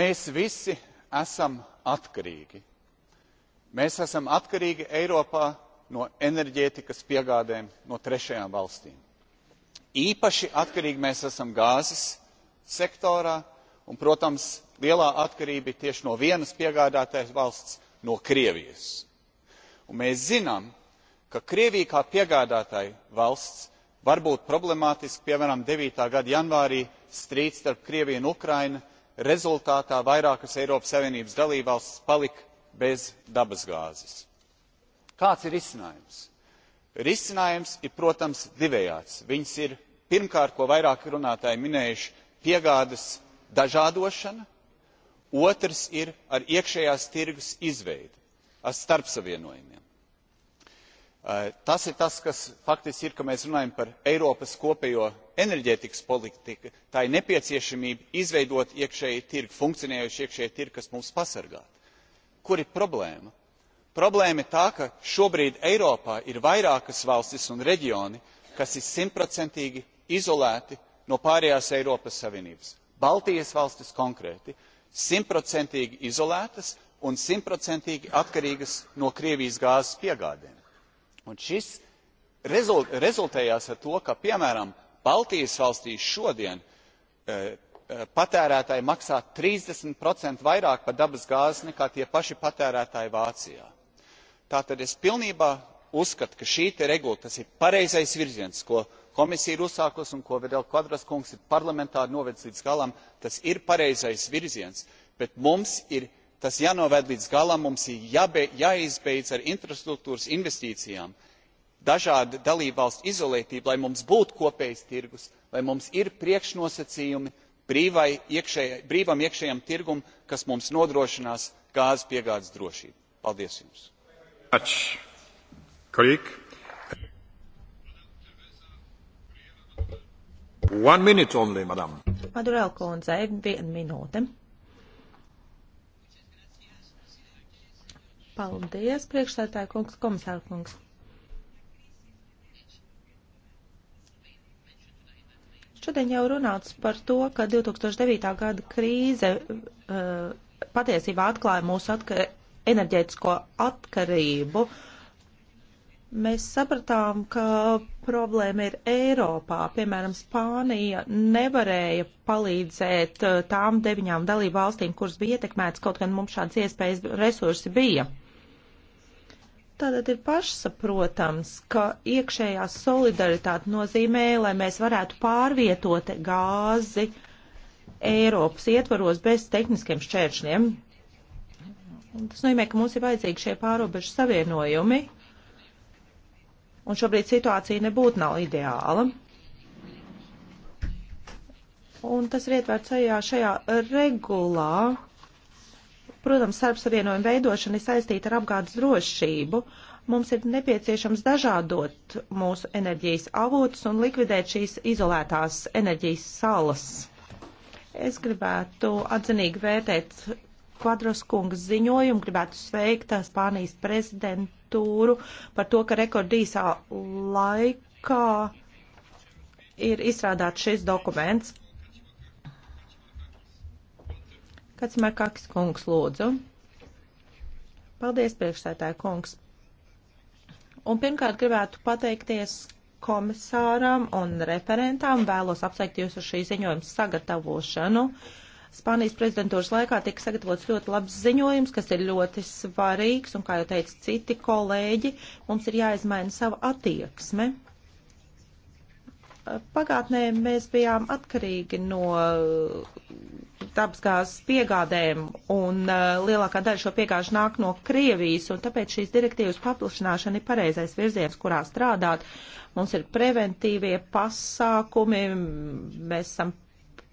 Mēs visi esam atkarīgi. Mēs esam atkarīgi Eiropā no enerģētikas piegādēm no trešajām valstīm. Īpaši atkarīgi mēs esam gāzes sektorā un, protams, lielā atkarība ir tieši no vienas piegādātājas valsts, no Krievijas un mēs zinām ka krievija kā piegādātāja valsts var būt problemātiska piemēram devītā gada janvārī strīds starp krieviju un ukrainu rezultātā vairākas eiropas savienības dalībvalstis palika bez dabasgāzes. kāds ir risinājums? risinājums ir protams divējāds. viņš ir pirmkārt ko vairāki runātāji minējuši piegādes dažādošana otrs ir ar iekšējās tirgus izveidi starpsavienojumiem. Eh, tas ir tas kas faktiski ir ka mēs runājam par eiropas kopējo enerģētikas politiku tā ir nepieciešamība izveidot iekšējo tirgu funkcionējošu iekšējo tirgu kas mūs pasargātu. kur ir problēma? problēma ir tā ka šobrīd eiropā ir vairākas valstis un reģioni kas ir simtprocentīgi izolēti no pārējās eiropas savienības baltijas valstis konkrēti simtprocentīgi izolētas un simtprocentīgi atkarīgas no krievijas gāzes piegādēm. Un šis rezult, rezultējās ar to, ka, piemēram, Baltijas valstīs šodien e, e patērētāji maksā 30% vairāk par dabas gāzi nekā tie paši patērētāji Vācijā. Tātad es pilnībā uzskatu, ka šī te regula tas ir pareizais virziens, ko komisija ir uzsākusi un ko Vidal Kvadras kungs ir parlamentā novedis līdz galam. Tas ir pareizais virziens, bet mums ir tas jānovērt līdz galam mums ir jāizbeidz ar infrastruktūras investīcijām dažādu dalībvalstu izolētību lai mums būtu kopējs tirgus lai mums ir priekšnosacījumi brīvam iekšējam tirgum kas mums nodrošinās gāzes piegādes drošību. paldies jums! Madurell kundze, viena minūte. Paldies, priekšstādātāja kungs, komisāra kungs. Šodien jau runāts par to, ka 2009. gada krīze uh, patiesībā atklāja mūsu atka enerģētisko atkarību. Mēs sapratām, ka problēma ir Eiropā. Piemēram, Spānija nevarēja palīdzēt uh, tām deviņām dalību valstīm, kuras bija ietekmētas, kaut gan mums šādas iespējas resursi bija. Tātad ir pašsaprotams, ka iekšējā solidaritāte nozīmē, lai mēs varētu pārvietot gāzi Eiropas ietvaros bez tehniskiem šķēršļiem. Tas nozīmē, ka mums ir vajadzīgi šie pārobežu savienojumi, un šobrīd situācija nebūtu nav ideāla. Un tas ir ietverts šajā, šajā regulā, Protams, starp savienojumu veidošana ir saistīta ar apgādes drošību. Mums ir nepieciešams dažādot mūsu enerģijas avotus un likvidēt šīs izolētās enerģijas salas. Es gribētu atzinīgi vērtēt Kvadros kungas ziņojumu, gribētu sveikt Spānijas prezidentūru par to, ka rekordīsā laikā ir izstrādāts šis dokuments. Pats Markaks kungs lūdzu. Paldies, priekšsētāja kungs. Un pirmkārt gribētu pateikties komisāram un referentām. Vēlos apsveikt jūs ar šī ziņojuma sagatavošanu. Spānijas prezidentūras laikā tika sagatavots ļoti labs ziņojums, kas ir ļoti svarīgs, un, kā jau teica citi kolēģi, mums ir jāizmaina sava attieksme. Pagātnē mēs bijām atkarīgi no uh, dabasgāzes piegādēm, un uh, lielākā daļa šo piegāžu nāk no Krievijas, un tāpēc šīs direktīvas paplašināšana ir pareizais virziens, kurā strādāt. Mums ir preventīvie pasākumi, mēs esam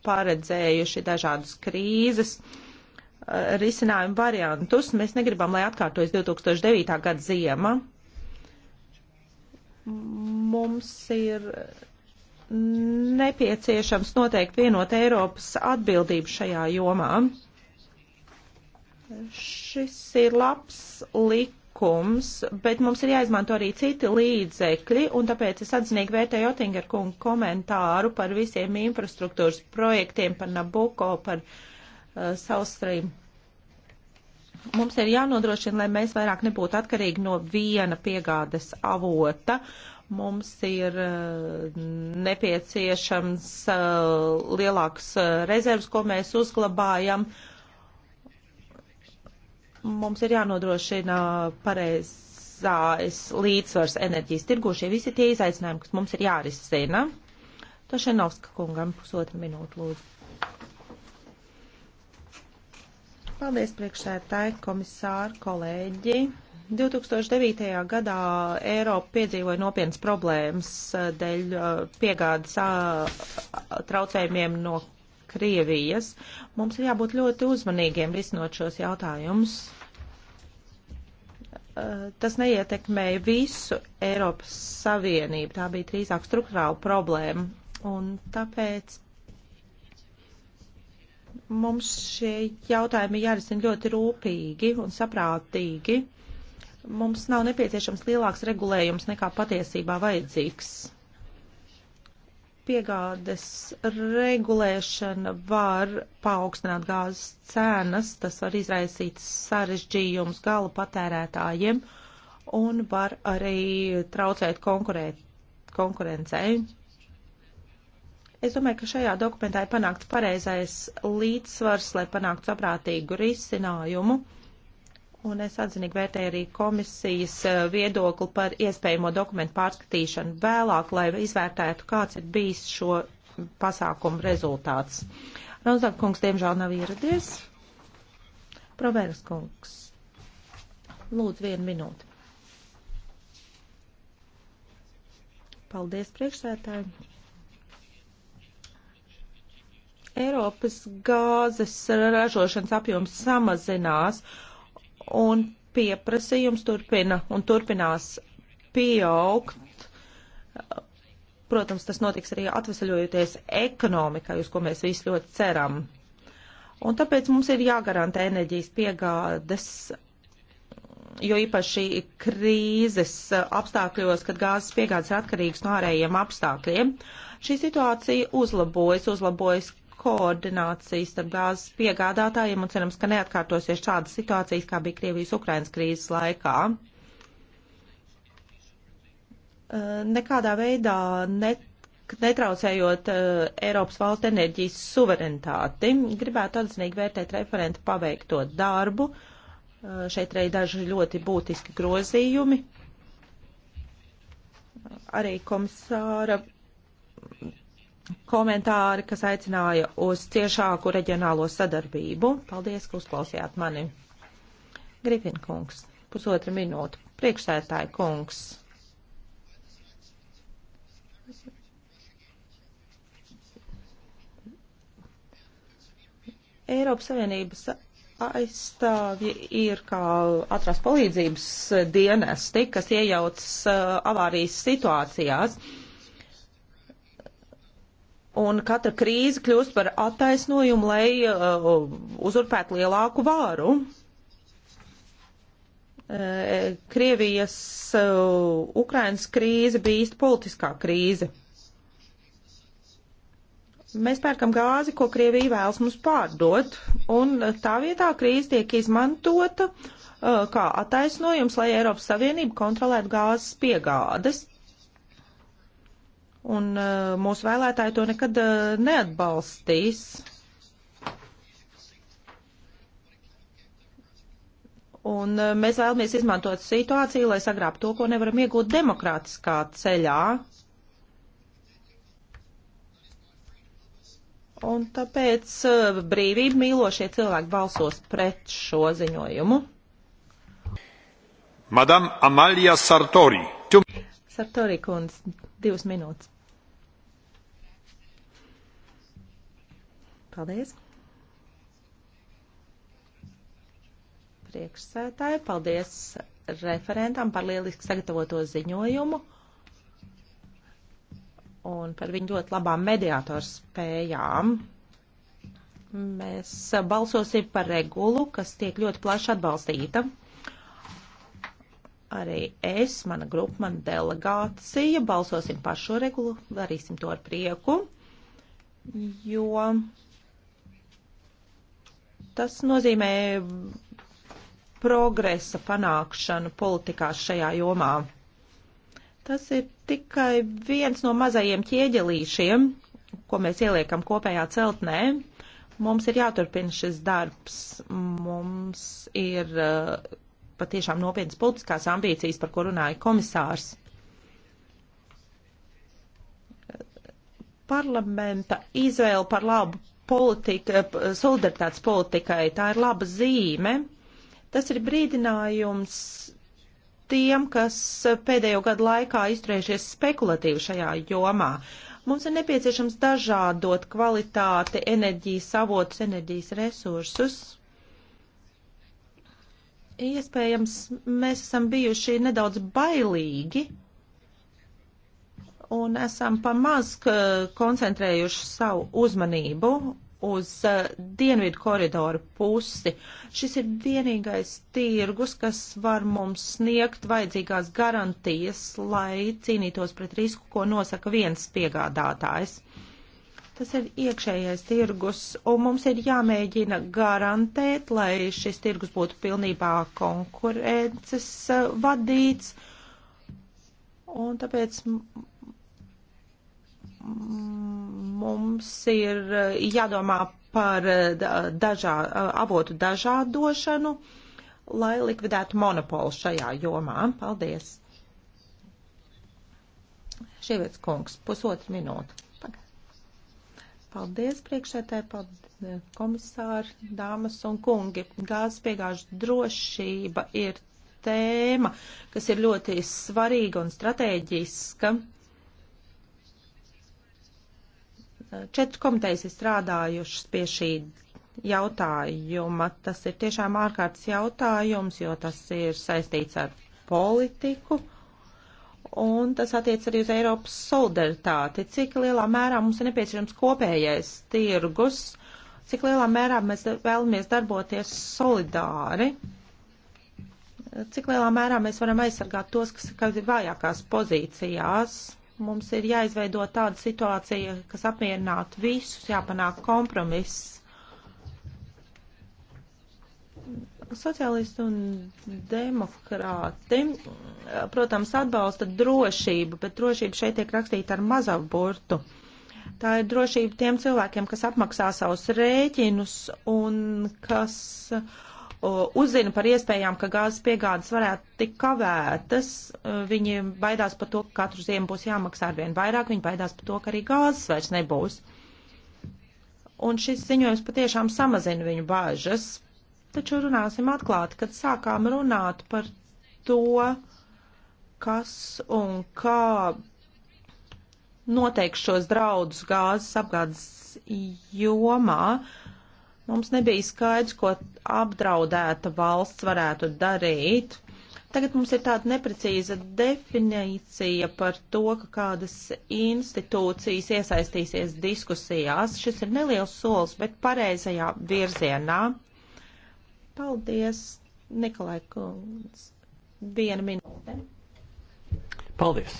paredzējuši dažādas krīzes uh, risinājumu variantus. Mēs negribam, lai atkārtojas 2009. gada ziema. Mums ir nepieciešams noteikti vienot Eiropas atbildību šajā jomā. Šis ir labs likums, bet mums ir jāizmanto arī citi līdzekļi, un tāpēc es atzinīgi vērtēju Otingar kungu komentāru par visiem infrastruktūras projektiem, par Nabuko, par uh, South Stream mums ir jānodrošina, lai mēs vairāk nebūtu atkarīgi no viena piegādes avota mums ir eh, nepieciešams eh, lielāks eh, rezervs, ko mēs uzglabājam. Mums ir jānodrošina pareizais līdzsvars enerģijas tirgu. Šie visi tie izaicinājumi, kas mums ir jārisina. Tašenovska kungam pusotru minūtu lūdzu. Paldies priekšsētāji, komisāri, kolēģi. 2009. gadā Eiropa piedzīvoja nopietnas problēmas eh, dēļ eh, piegādes traucējumiem no Krievijas. Mums ir jābūt ļoti uzmanīgiem risinot šos jautājumus. Eh, tas neietekmēja visu Eiropas Savienību, tā bija trīsāk struktūrāla problēma. Un tāpēc mums šie jautājumi jārisina ļoti rūpīgi un saprātīgi. Mums nav nepieciešams lielāks regulējums nekā patiesībā vajadzīgs. Piegādes regulēšana var paaugstināt gāzes cenas, tas var izraisīt sarežģījumus gala patērētājiem un var arī traucēt konkurēt, konkurencei. Es domāju, ka šajā dokumentā ir panākts pareizais līdzsvars, lai panāktu saprātīgu risinājumu Un es atzinīgi vērtēju arī komisijas eh, viedokli par iespējamo dokumentu pārskatīšanu vēlāk, lai izvērtētu, kāds ir bijis šo pasākumu rezultāts. Rauzāk kungs, diemžēl, nav ieradies. Proveras kungs, lūdzu, vienu minūti. Paldies, priekšsētāji. Eiropas gāzes ražošanas apjoms samazinās un pieprasījums turpina un turpinās pieaugt. Protams, tas notiks arī atvesaļojoties ekonomikai, uz ko mēs visi ļoti ceram. Un tāpēc mums ir jāgarantē enerģijas piegādes, jo īpaši krīzes apstākļos, kad gāzes piegādes ir atkarīgas no ārējiem apstākļiem. Šī situācija uzlabojas, uzlabojas koordinācija starp gāzes piegādātājiem un cerams, ka neatkārtosies šādas situācijas, kā bija Krievijas-Ukrainas krīzes laikā. Eh, nekādā veidā net, netraucējot eh, Eiropas valstu enerģijas suverenitāti, gribētu atzinīgi vērtēt referenta paveikto darbu. Eh, šeit arī daži ļoti būtiski grozījumi. Arī komisāra komentāri, kas aicināja uz ciešāku reģionālo sadarbību. Paldies, ka uzklausījāt mani. Grifin kungs, pusotra minūte. Priekšsētāji kungs. Eiropas Savienības aizstāvji ir kā atrās palīdzības dienesti, kas iejaucas uh, avārijas situācijās. Uh, un katra krīze kļūst par attaisnojumu, lai uh, uzurpētu lielāku vāru. Uh, Krievijas uh, Ukrainas krīze bija īsta politiskā krīze. Mēs pērkam gāzi, ko Krievija vēlas mums pārdot, un tā vietā krīze tiek izmantota uh, kā attaisnojums, lai Eiropas Savienība kontrolētu gāzes piegādes. Uh, un uh, mūsu vēlētāji to nekad uh, neatbalstīs. Un uh, mēs vēlamies izmantot situāciju, lai sagrābtu to, ko nevaram iegūt demokrātiskā ceļā. Un tāpēc brīvību mīlošie cilvēki balsos pret šo ziņojumu. Madam Amalija Sartori. Sartori kundze, Divas minūtes. Paldies. Priekšsētāji, paldies referentam par lieliski sagatavoto ziņojumu un par viņu ļoti labām mediātoru spējām. Mēs balsosim par regulu, kas tiek ļoti plaši atbalstīta arī es, mana grupa, mana delegācija balsosim par šo regulu, darīsim to ar prieku, jo tas nozīmē progresa panākšanu politikā šajā jomā. Tas ir tikai viens no mazajiem ķieģelīšiem, ko mēs ieliekam kopējā celtnē, mums ir jāturpina šis darbs, mums ir uh, patiešām nopietnas politiskās ambīcijas, par ko runāja komisārs. Parlamenta izvēle par labu politika, solidaritātes politikai, tā ir laba zīme. Tas ir brīdinājums tiem, kas pēdējo gadu laikā izturējušies spekulatīvi šajā jomā. Mums ir nepieciešams dažādot kvalitāti, enerģijas avotus, enerģijas resursus. Iespējams, mēs esam bijuši nedaudz bailīgi un esam pamaz koncentrējuši savu uzmanību uz uh, dienvidu koridoru pusi. Šis ir vienīgais tirgus, kas var mums sniegt vajadzīgās garantijas, lai cīnītos pret risku, ko nosaka viens piegādātājs. Uh, Tas ir iekšējais tirgus, un mums ir jāmēģina garantēt, lai šis tirgus būtu pilnībā konkurences eh, vadīts. Un tāpēc mums ir eh, jādomā par eh, dažā, avotu dažādošanu, lai likvidētu monopolu šajā jomā. Paldies! Šievietas kungs, pusotru minūtu. Paldies, priekšētāji, paldies, komisāri, dāmas un kungi. Gāzes piegāžu drošība ir tēma, kas ir ļoti svarīga un strateģiska. Četri komitejas ir strādājušas pie šī jautājuma. Tas ir tiešām ārkārtas jautājums, jo tas ir saistīts ar politiku un tas attiec arī uz Eiropas solidaritāti. Cik lielā mērā mums ir nepieciešams kopējais tirgus, cik lielā mērā mēs vēlamies darboties solidāri, cik lielā mērā mēs varam aizsargāt tos, kas, kas ir vājākās pozīcijās. Mums ir jāizveido tāda situācija, kas apmierinātu visus, jāpanāk kompromiss Sociālisti un demokrāti, protams, atbalsta drošību, bet drošība šeit tiek rakstīta ar mazavu burtu. Tā ir drošība tiem cilvēkiem, kas apmaksā savus rēķinus un kas uzzina par iespējām, ka gāzes piegādes varētu tik kavētas. Viņi baidās par to, ka katru ziemu būs jāmaksā arvien vairāk, viņi baidās par to, ka arī gāzes vairs nebūs. Un šis ziņojums patiešām samazina viņu bāžas Taču runāsim atklāti, kad sākām runāt par to, kas un kā noteikti šos draudus gāzes apgādes jomā, mums nebija skaidrs, ko apdraudēta valsts varētu darīt. Tagad mums ir tāda neprecīza definīcija par to, ka kādas institūcijas iesaistīsies diskusijās. Šis ir neliels solis, bet pareizajā virzienā. Paldies, Nikolai Kungs. Viena minūte. Paldies.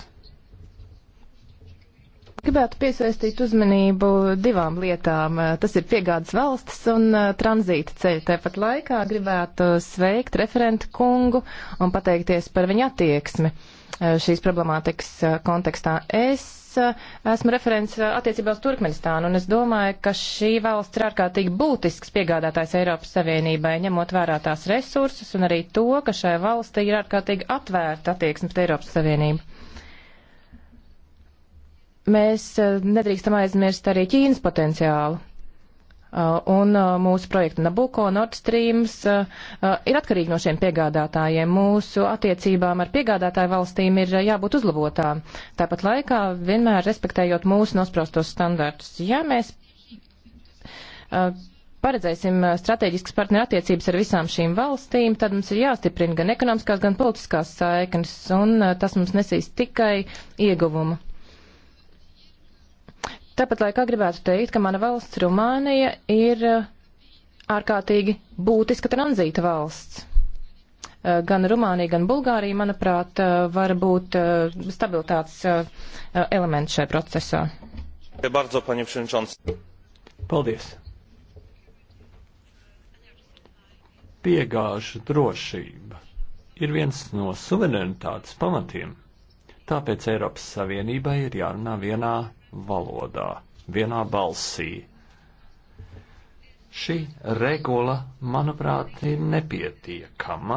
Gribētu piesaistīt uzmanību divām lietām. Tas ir piegādes valstis un uh, tranzīta ceļi. Tāpat laikā gribētu sveikt referentu kungu un pateikties par viņa attieksmi uh, šīs problemātikas uh, kontekstā. Es esmu referents attiecībā uz Turkmenistānu, un es domāju, ka šī valsts ir ārkārtīgi būtisks piegādātājs Eiropas Savienībai, ņemot vērā tās resursus un arī to, ka šai valstī ir ārkārtīgi atvērta attieksme pret Eiropas Savienību. Mēs nedrīkstam aizmirst arī Ķīnas potenciālu. Uh, un uh, mūsu projekta Nabuko Nord Streams uh, ir atkarīgi no šiem piegādātājiem. Mūsu attiecībām ar piegādātāju valstīm ir jābūt uzlabotām. Tāpat laikā vienmēr respektējot mūsu nospraustos standartus. Ja mēs paredzēsim strateģiskas partnerattiecības ar visām šīm valstīm, tad mums ir jāstiprina gan ekonomiskās, gan politiskās saiknes, un tas mums nesīs tikai ieguvumu. Tāpat laikā gribētu teikt, ka mana valsts Rumānija ir eh, ārkārtīgi būtiska tranzīta valsts. Eh, gan Rumānija, gan Bulgārija, manuprāt, eh, var būt stabilitātes elements šajā procesā. Paldies! Piegāžu drošība ir viens no suverenitātes pamatiem. Tāpēc Eiropas Savienībai ir jārunā vienā valodā, vienā balsī. Šī regula, manuprāt, ir nepietiekama,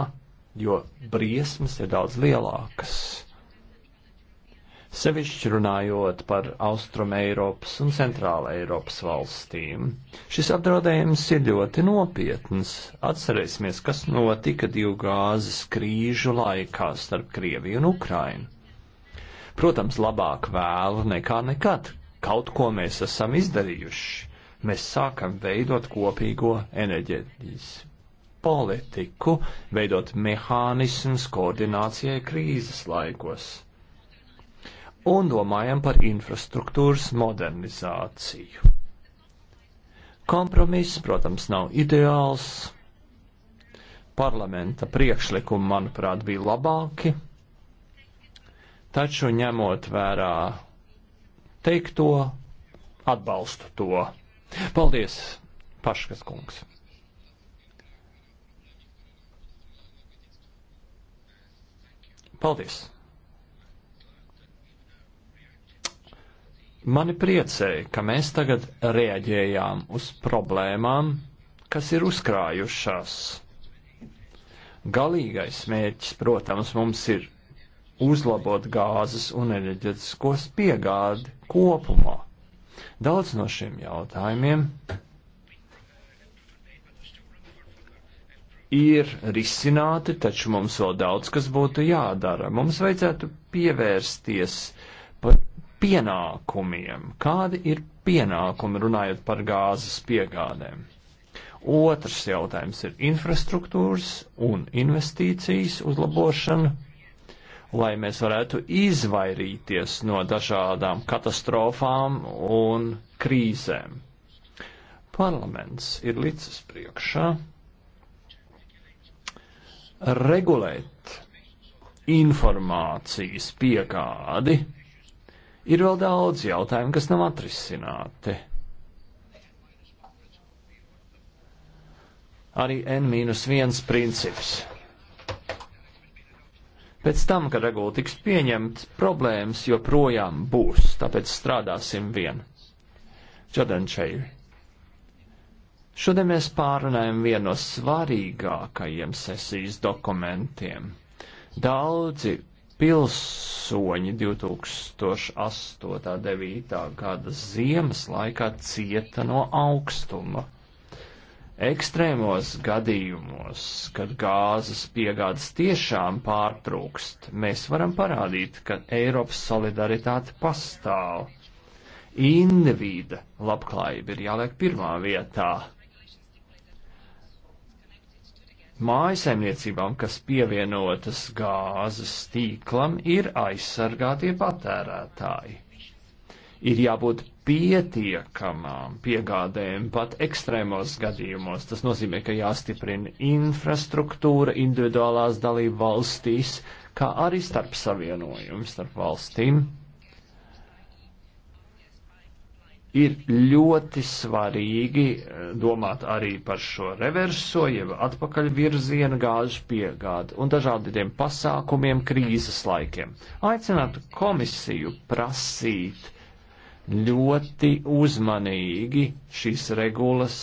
jo briesmas ir daudz lielākas. Sevišķi runājot par Austrumēropas un Centrāla Eiropas valstīm, šis apdraudējums ir ļoti nopietns. Atcerēsimies, kas notika divu gāzes krīžu laikā starp Krieviju un Ukrainu. Protams, labāk vēlu nekā nekad. Kaut ko mēs esam izdarījuši. Mēs sākam veidot kopīgo enerģētikas politiku, veidot mehānismus koordinācijai krīzes laikos. Un domājam par infrastruktūras modernizāciju. Kompromiss, protams, nav ideāls. Parlamenta priekšlikumi, manuprāt, bija labāki taču ņemot vērā teikto, atbalstu to. Paldies, Paškas kungs! Paldies! Mani priecēja, ka mēs tagad reaģējām uz problēmām, kas ir uzkrājušās. Galīgais mērķis, protams, mums ir uzlabot gāzes un enerģetiskos piegādi kopumā. Daudz no šiem jautājumiem ir risināti, taču mums vēl daudz kas būtu jādara. Mums vajadzētu pievērsties par pienākumiem. Kādi ir pienākumi runājot par gāzes piegādēm? Otrs jautājums ir infrastruktūras un investīcijas uzlabošana lai mēs varētu izvairīties no dažādām katastrofām un krīzēm. Parlaments ir licis priekšā regulēt informācijas piegādi. Ir vēl daudz jautājumu, kas nav atrisināti. Arī N-1 princips Pēc tam, kad regula tiks pieņemta, problēmas joprojām būs, tāpēc strādāsim vien. Čadančeji. Šodien mēs pārunājam vienu no svarīgākajiem sesijas dokumentiem. Daudzi pilsoņi 2008.9. gada ziemas laikā cieta no augstuma. Ekstrēmos gadījumos, kad gāzes piegādes tiešām pārtrūkst, mēs varam parādīt, ka Eiropas solidaritāte pastāv. Individa labklājība ir jāliek pirmā vietā. Mājasēmniecībām, kas pievienotas gāzes tīklam, ir aizsargātie patērētāji. Ir jābūt pietiekamām piegādēm pat ekstrēmos gadījumos. Tas nozīmē, ka jāstiprina infrastruktūra individuālās dalību valstīs, kā arī starp savienojumu starp valstīm. Ir ļoti svarīgi eh, domāt arī par šo reverso, jeb atpakaļ virziena gāžu piegādi un dažādiem pasākumiem krīzes laikiem. Aicināt komisiju prasīt uh, ļoti uzmanīgi šīs regulas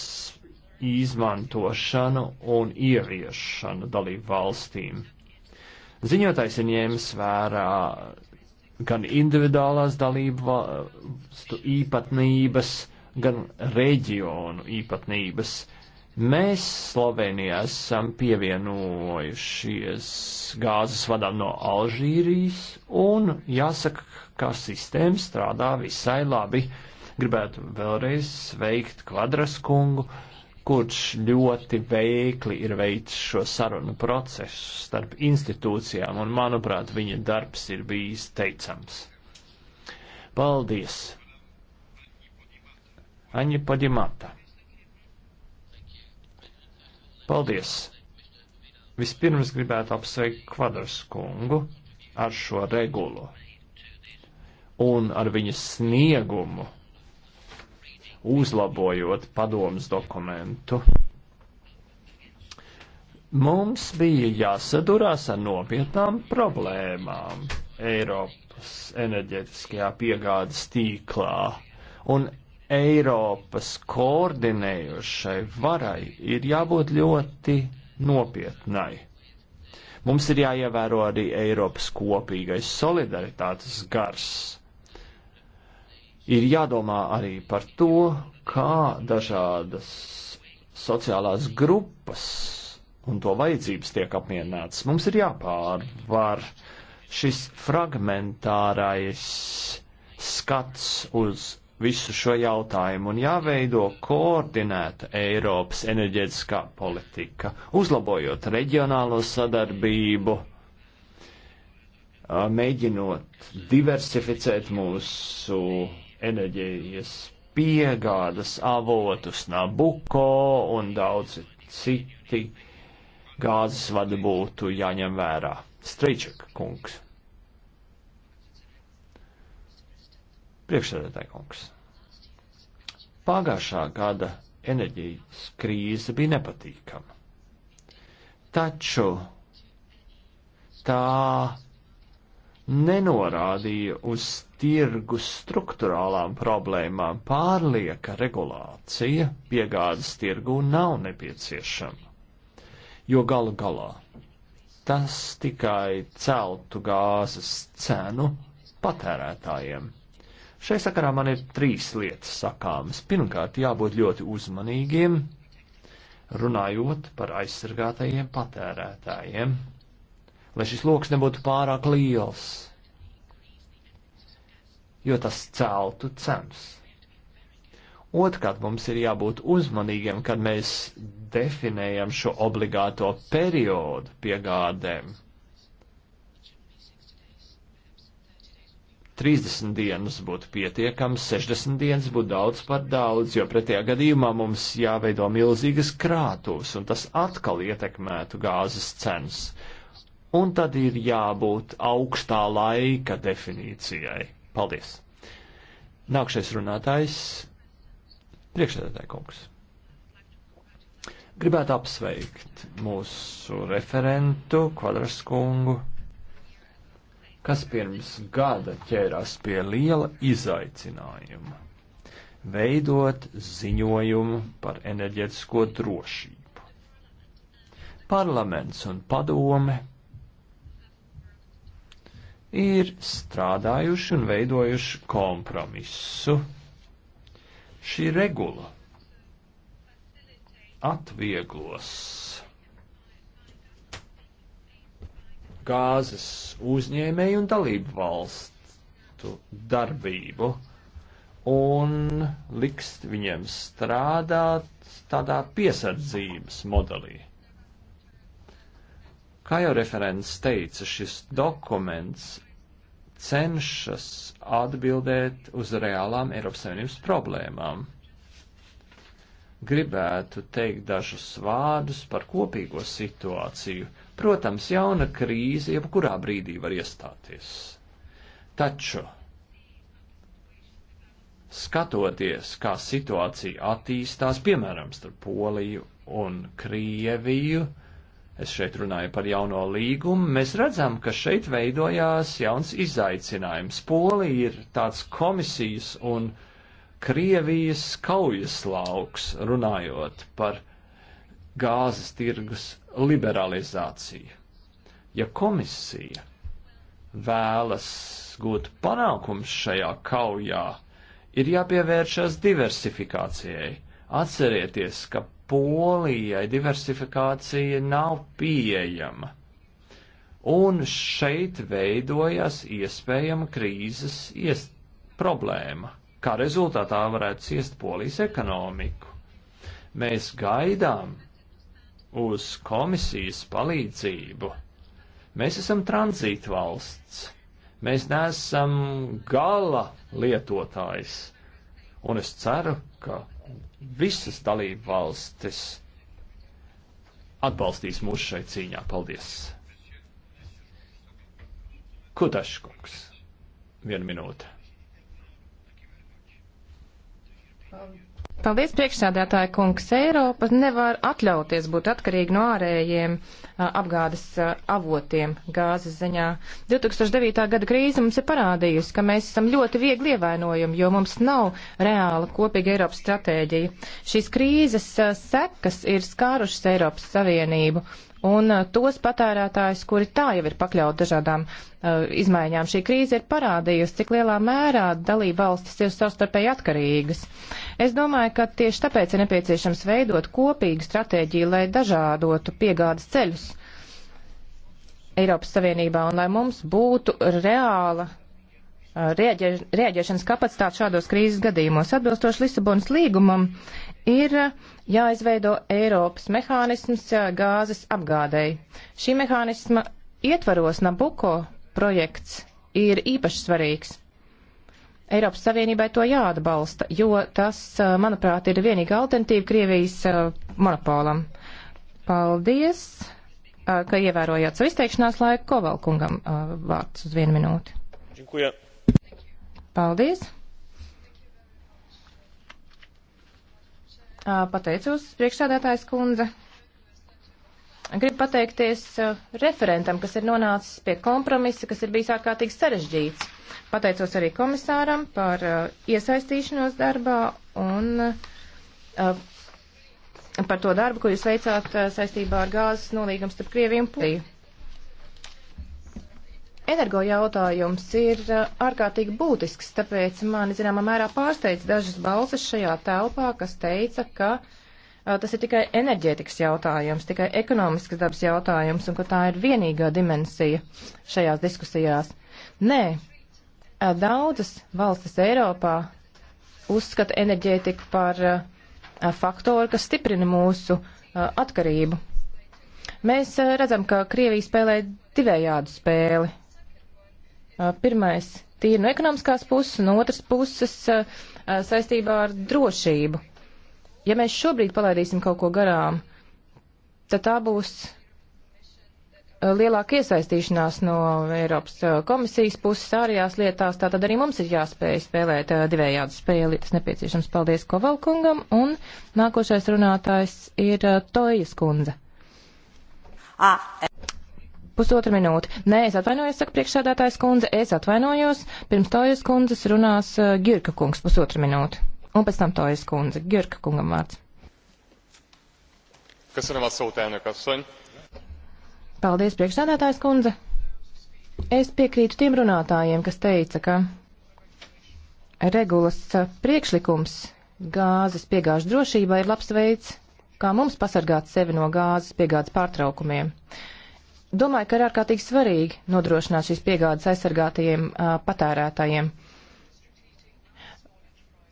izmantošanu un ieviešanu dalību valstīm. Ziņotājs ir ņēmis vērā gan individuālās dalību valstu īpatnības, gan reģionu īpatnības. Mēs Slovenijā esam pievienojušies gāzes vadām no Alžīrijas, un jāsaka, ka sistēma strādā visai labi. Gribētu vēlreiz sveikt Kvadras kungu, kurš ļoti veikli ir veicis šo sarunu procesu starp institūcijām, un, manuprāt, viņa darbs ir bijis teicams. Paldies! Aņa Paģimata. Paldies! Vispirms gribētu apsveikt Kvadras kungu ar šo regulu un ar viņas sniegumu, uzlabojot padomus dokumentu. Mums bija jāsadurās ar nopietnām problēmām Eiropas enerģetiskajā piegādes tīklā, un Eiropas koordinējošai varai ir jābūt ļoti nopietnai. Mums ir jāievēro arī Eiropas kopīgais solidaritātes gars Ir jādomā arī par to, kā dažādas sociālās grupas un to vajadzības tiek apmierinātas. Mums ir jāpārvar šis fragmentārais skats uz visu šo jautājumu un jāveido koordinēta Eiropas enerģētiskā politika, uzlabojot reģionālo sadarbību, mēģinot diversificēt mūsu enerģijas piegādas avotus, Nabuko un daudzi citi gāzes vadi būtu jāņem vērā. Strīčak kungs. Priekšsēdētāji kungs. Pagājušā gada enerģijas krīze bija nepatīkama. Taču tā nenorādīja uz tirgus struktūrālām problēmām pārlieka regulācija piegādes tirgū nav nepieciešama, jo galu galā tas tikai celtu gāzes cenu patērētājiem. Šai sakarā man ir trīs lietas sakāmas. Pirmkārt, jābūt ļoti uzmanīgiem, runājot par aizsargātajiem patērētājiem, lai šis loks nebūtu pārāk liels jo tas celtu cenas. Otrkārt, mums ir jābūt uzmanīgiem, kad mēs definējam šo obligāto periodu piegādēm. 30 dienas būtu pietiekams, 60 dienas būtu daudz par daudz, jo pretējā gadījumā mums jāveido milzīgas krātuves, un tas atkal ietekmētu gāzes cenas. Un tad ir jābūt augstā laika definīcijai. Paldies! Nākšais runātājs - priekšsēdētāja kungs. Gribētu apsveikt mūsu referentu Kvadraskungu, kas pirms gada ķērās pie liela izaicinājuma - veidot ziņojumu par enerģetisko drošību. Parlaments un padome ir strādājuši un veidojuši kompromisu. Šī regula atvieglos gāzes uzņēmēju un dalību valstu darbību un liks viņiem strādāt tādā piesardzības modelī. Kā jau referents teica, šis dokuments cenšas atbildēt uz reālām Eiropas Savienības problēmām. Gribētu teikt dažus vārdus par kopīgo situāciju. Protams, jauna krīze jebkurā brīdī var iestāties. Taču, skatoties, kā situācija attīstās, piemēram, starp Poliju un Krieviju, uh, Es šeit runāju par jauno līgumu. Mēs redzam, ka šeit veidojās jauns izaicinājums. Polija ir tāds komisijas un Krievijas kaujas lauks, runājot par gāzes tirgus liberalizāciju. Ja komisija vēlas gūt panākums šajā kaujā, ir jāpievēršas diversifikācijai. Atcerieties, ka Polijai diversifikācija nav pieejama. Un šeit veidojas iespējama krīzes iest problēma, kā rezultātā varētu ciest polijas ekonomiku. Mēs gaidām uz komisijas palīdzību. Mēs esam tranzīta valsts, mēs neesam gala lietotājs, un es ceru, ka visas dalību valstis atbalstīs mūs šai cīņā. Paldies! Kudaškungs, viena minūte. Paldies. Paldies, priekšsādātāja kungs. Eiropa nevar atļauties būt atkarīgi no ārējiem apgādes avotiem gāzes ziņā. 2009. gada krīze mums ir parādījusi, ka mēs esam ļoti viegli ievainojumi, jo mums nav reāla kopīga Eiropas stratēģija. Šīs krīzes sekas ir skārušas Eiropas Savienību. Un tos patērētājus, kuri tā jau ir pakļauti dažādām uh, izmaiņām, šī krīze ir parādījusi, cik lielā mērā dalība valstis ir savstarpēji atkarīgas. Uh, Es domāju, ka tieši tāpēc ir nepieciešams veidot kopīgu stratēģiju, lai dažādotu piegādes ceļus Eiropas Savienībā un lai mums būtu reāla uh, rēģē, rēģēšanas kapacitāte šādos krīzes gadījumos. Atbilstoši Lisabonas līgumam ir uh, jāizveido Eiropas mehānisms uh, gāzes apgādēji. Šī mehānisma ietvaros Nabuko projekts ir īpaši svarīgs. Eiropas Savienībai to jāatbalsta, jo tas, manuprāt, ir vienīga alternatīva Krievijas monopolam. Paldies, ka ievērojāt savu izteikšanās laiku. Kovalkungam vārds uz vienu minūti. Džinkuja. Paldies. Pateicos, priekšsādātājs kundze. Gribu pateikties referentam, kas ir nonācis pie kompromisa, kas ir bijis ārkārtīgi sarežģīts Pateicos arī komisāram par uh, iesaistīšanos darbā un uh, par to darbu, ko jūs veicāt uh, saistībā ar gāzes nolīgumu starp Krieviju un Poliju. Energo jautājums ir uh, ārkārtīgi būtisks, tāpēc mani zināmā mērā pārsteidz dažas balsas šajā telpā, kas teica, ka uh, tas ir tikai enerģētikas jautājums, tikai ekonomiskas dabas jautājums, un ka tā ir vienīgā dimensija šajās diskusijās. Nē, Daudzas valstis Eiropā uzskata enerģētiku par faktoru, kas stiprina mūsu atkarību. Mēs redzam, ka Krievija spēlē divējādu spēli. Pirmais - tīri no ekonomiskās puses, un otrs puses saistībā ar drošību. Ja mēs šobrīd palaidīsim kaut ko garām, tad tā būs Eh, lielāka iesaistīšanās no Eiropas eh, komisijas puses ārējās lietās, tātad arī mums ir jāspēj spēlēt eh, divējādu spēli. Tas nepieciešams. Paldies Kovalkungam. Un nākošais runātājs ir Tojas kundze. Pusotra minūte. Nē, es atvainojos, saka priekšsādātājs kundze, es atvainojos. Pirms Tojas kundzes runās Girka kungs pusotra minūte. Un pēc tam Tojas kundze. Girka kungam vārds. Köszönöm a szót, elnök asszony! Paldies, priekšsēdētājs kundze. Es piekrītu tiem runātājiem, kas teica, ka regulas priekšlikums gāzes piegāžu drošībā ir labs veids, kā mums pasargāt sevi no gāzes piegādes pārtraukumiem. Domāju, ka ir ārkārtīgi svarīgi nodrošināt šīs piegādes aizsargātajiem a, patērētājiem.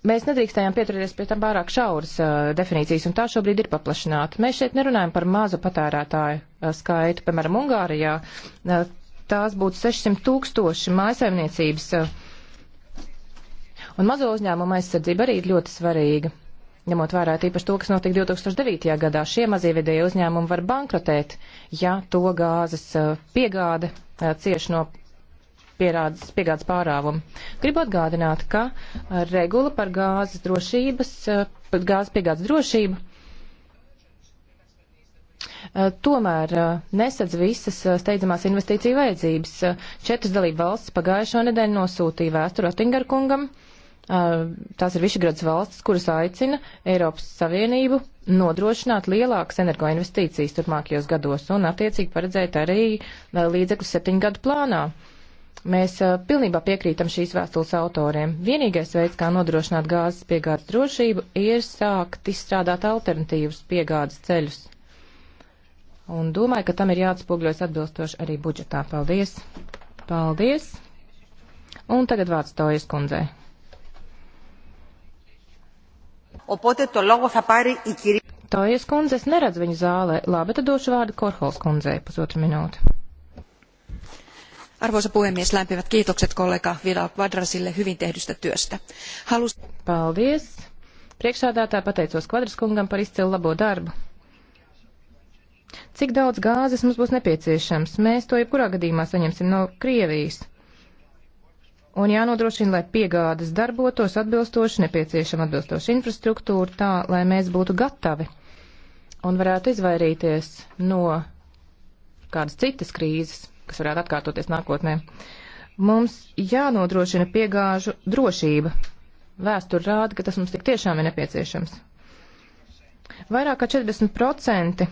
Mēs nedrīkstējām pieturēties pie tam pārāk šauras uh, definīcijas, un tā šobrīd ir paplašināta. Mēs šeit nerunājam par mazu patērētāju uh, skaitu, piemēram, Ungārijā. Uh, tās būtu 600 tūkstoši mājasaimniecības. Uh, un mazo uzņēmumu aizsardzība arī ir ļoti svarīga. Ņemot vērā tīpaši to, kas notika 2009. gadā, šie mazie vidēji uzņēmumi var bankrotēt, ja to gāzes uh, piegāde uh, cieš no pierādes, piegādes pārāvumu. Gribu atgādināt, ka regula par gāzes drošības, par eh, gāzes piegādes drošību eh, tomēr eh, nesadz visas steidzamās investīciju vajadzības. Četras dalība valsts pagājušo nedēļu nosūtīja vēsturu Otingar kungam. Tās ir Višagrads valstis, kuras aicina Eiropas Savienību nodrošināt lielākas energoinvestīcijas turpmākajos gados un attiecīgi paredzēt arī līdzekļus septiņu gadu plānā. Uh, Mēs uh, pilnībā piekrītam šīs vēstules autoriem. Vienīgais veids, kā nodrošināt gāzes piegādes drošību, ir sākt izstrādāt alternatīvus piegādes ceļus. Un domāju, ka tam ir jāatspūgļojas atbilstoši arī budžetā. Paldies! Paldies! Un tagad vārds Tojas kundzei. Tojas kundzes neredz viņu zālē. Labi, tad došu vārdu Korhols kundzei pusotru minūtu arvoisa puhemies lämpimät kiitokset kollega vidal quadrasille hyvin tehdystä työstä. Halus... paldies! priekšsēdētāji pateicos kvadraskungam par izcilu labo darbu. Cik daudz gāzes mums būs nepieciešams? Mēs to jebkurā gadījumā saņemsim no Krievijas. Un jānodrošina, lai piegādes darbotos atbilstoši, nepieciešama atbilstoša infrastruktūra tā, lai mēs būtu gatavi un varētu izvairīties no kādas citas krīzes kas varētu atkārtoties nākotnē. Mums jānodrošina piegāžu drošība. Vēsture rāda, ka tas mums tik tiešām ir nepieciešams. Vairāk kā 40%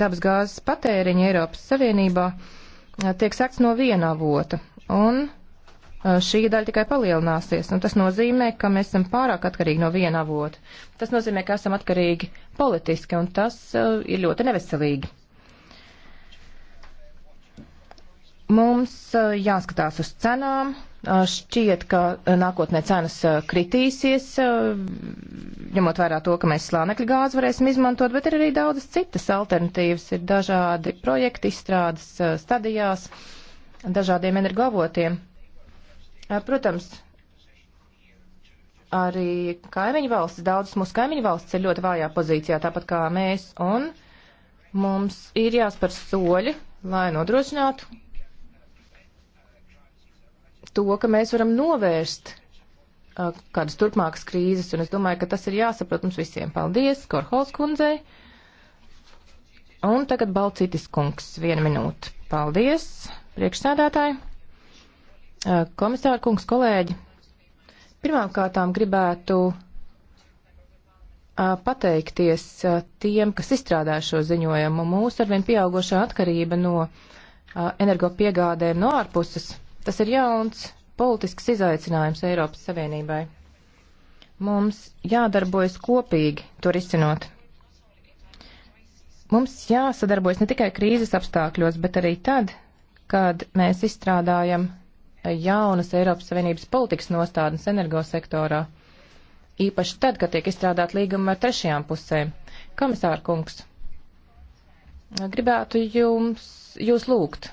dabasgāzes patēriņa Eiropas Savienībā tiek sekts no viena avota, un šī daļa tikai palielināsies, un tas nozīmē, ka mēs esam pārāk atkarīgi no viena avota. Tas nozīmē, ka esam atkarīgi politiski, un tas ir ļoti neveselīgi. Mums jāskatās uz cenām. Šķiet, ka nākotnē cenas kritīsies, ņemot vērā to, ka mēs slānekļa gāzi varēsim izmantot, bet ir arī daudzas citas alternatīvas, ir dažādi projekti izstrādes stadijās, dažādiem energoavotiem. Protams, arī kaimiņu valsts, daudzas mūsu kaimiņu valsts ir ļoti vājā pozīcijā, tāpat kā mēs, un mums ir jāspēr soļi, lai nodrošinātu, to, ka mēs varam novērst uh, kādas turpmākas krīzes, un es domāju, ka tas ir jāsaprot mums visiem. Paldies, Korhols kundzei! Un tagad Balcītis kungs, viena minūte. Paldies, priekšsēdētāji, uh, komisāra kungs, kolēģi. Pirmkārtām gribētu uh, pateikties uh, tiem, kas izstrādāja šo ziņojumu. Mūsu arvien pieaugošā atkarība no uh, energopiegādēm no ārpuses Tas ir jauns politisks izaicinājums Eiropas Savienībai. Mums jādarbojas kopīgi to risinot. Mums jāsadarbojas ne tikai krīzes apstākļos, bet arī tad, kad mēs izstrādājam jaunas Eiropas Savienības politikas nostādnes energosektorā, īpaši tad, kad tiek izstrādāt līguma ar trešajām pusēm. Komisāra kungs, gribētu jums, jūs lūgt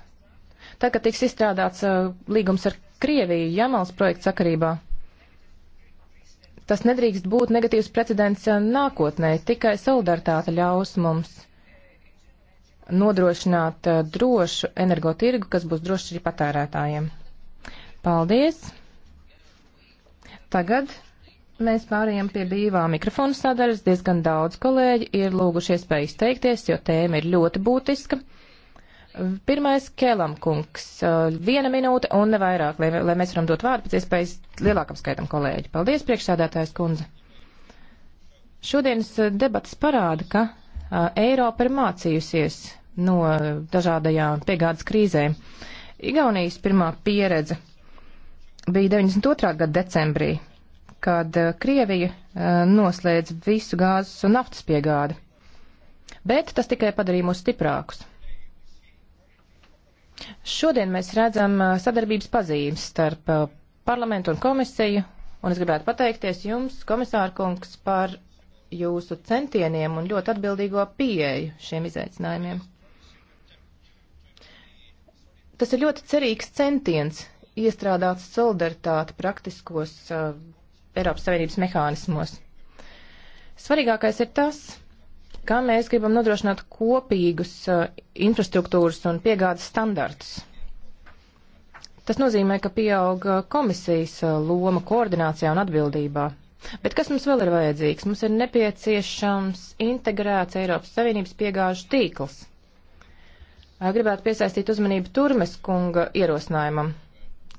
Tagad tiks izstrādāts uh, līgums ar Krieviju Jamals projekta sakarībā. Tas nedrīkst būt negatīvs precedents uh, nākotnē, tikai solidaritāte ļaus mums nodrošināt uh, drošu energotirgu, kas būs drošs arī patērētājiem. Paldies! Tagad Mēs pārējām pie brīvā mikrofona sadaļas. Diezgan daudz kolēģi ir lūguši iespēju izteikties, jo tēma ir ļoti būtiska. Pirmais Kēlam kungs. Viena minūte un nevairāk, lai, lai mēs varam dot vārdu pēc iespējas lielākam skaitam kolēģi. Paldies, priekšsādātājs kundze. Šodienas debatas parāda, ka Eiropa ir mācījusies no dažādajām piegādes krīzēm. Igaunijas pirmā pieredze bija 92. gada decembrī, kad Krievija noslēdz visu gāzes un naftas piegādi. Bet tas tikai padarīja mūs stiprākus. Šodien mēs redzam uh, sadarbības pazīmes starp uh, parlamentu un komisiju, un es gribētu pateikties jums, komisārkungs, par jūsu centieniem un ļoti atbildīgo pieeju šiem izaicinājumiem. Tas ir ļoti cerīgs centiens iestrādāt solidaritāti praktiskos uh, Eiropas Savienības mehānismos. Svarīgākais ir tas, ka mēs gribam nodrošināt kopīgus uh, infrastruktūras un piegādes standartus. Tas nozīmē, ka pieaug uh, komisijas uh, loma koordinācijā un atbildībā. Bet kas mums vēl ir vajadzīgs? Mums ir nepieciešams integrēts Eiropas Savienības piegāžu tīkls. Uh, gribētu piesaistīt uzmanību Turmes kunga ierosinājumam,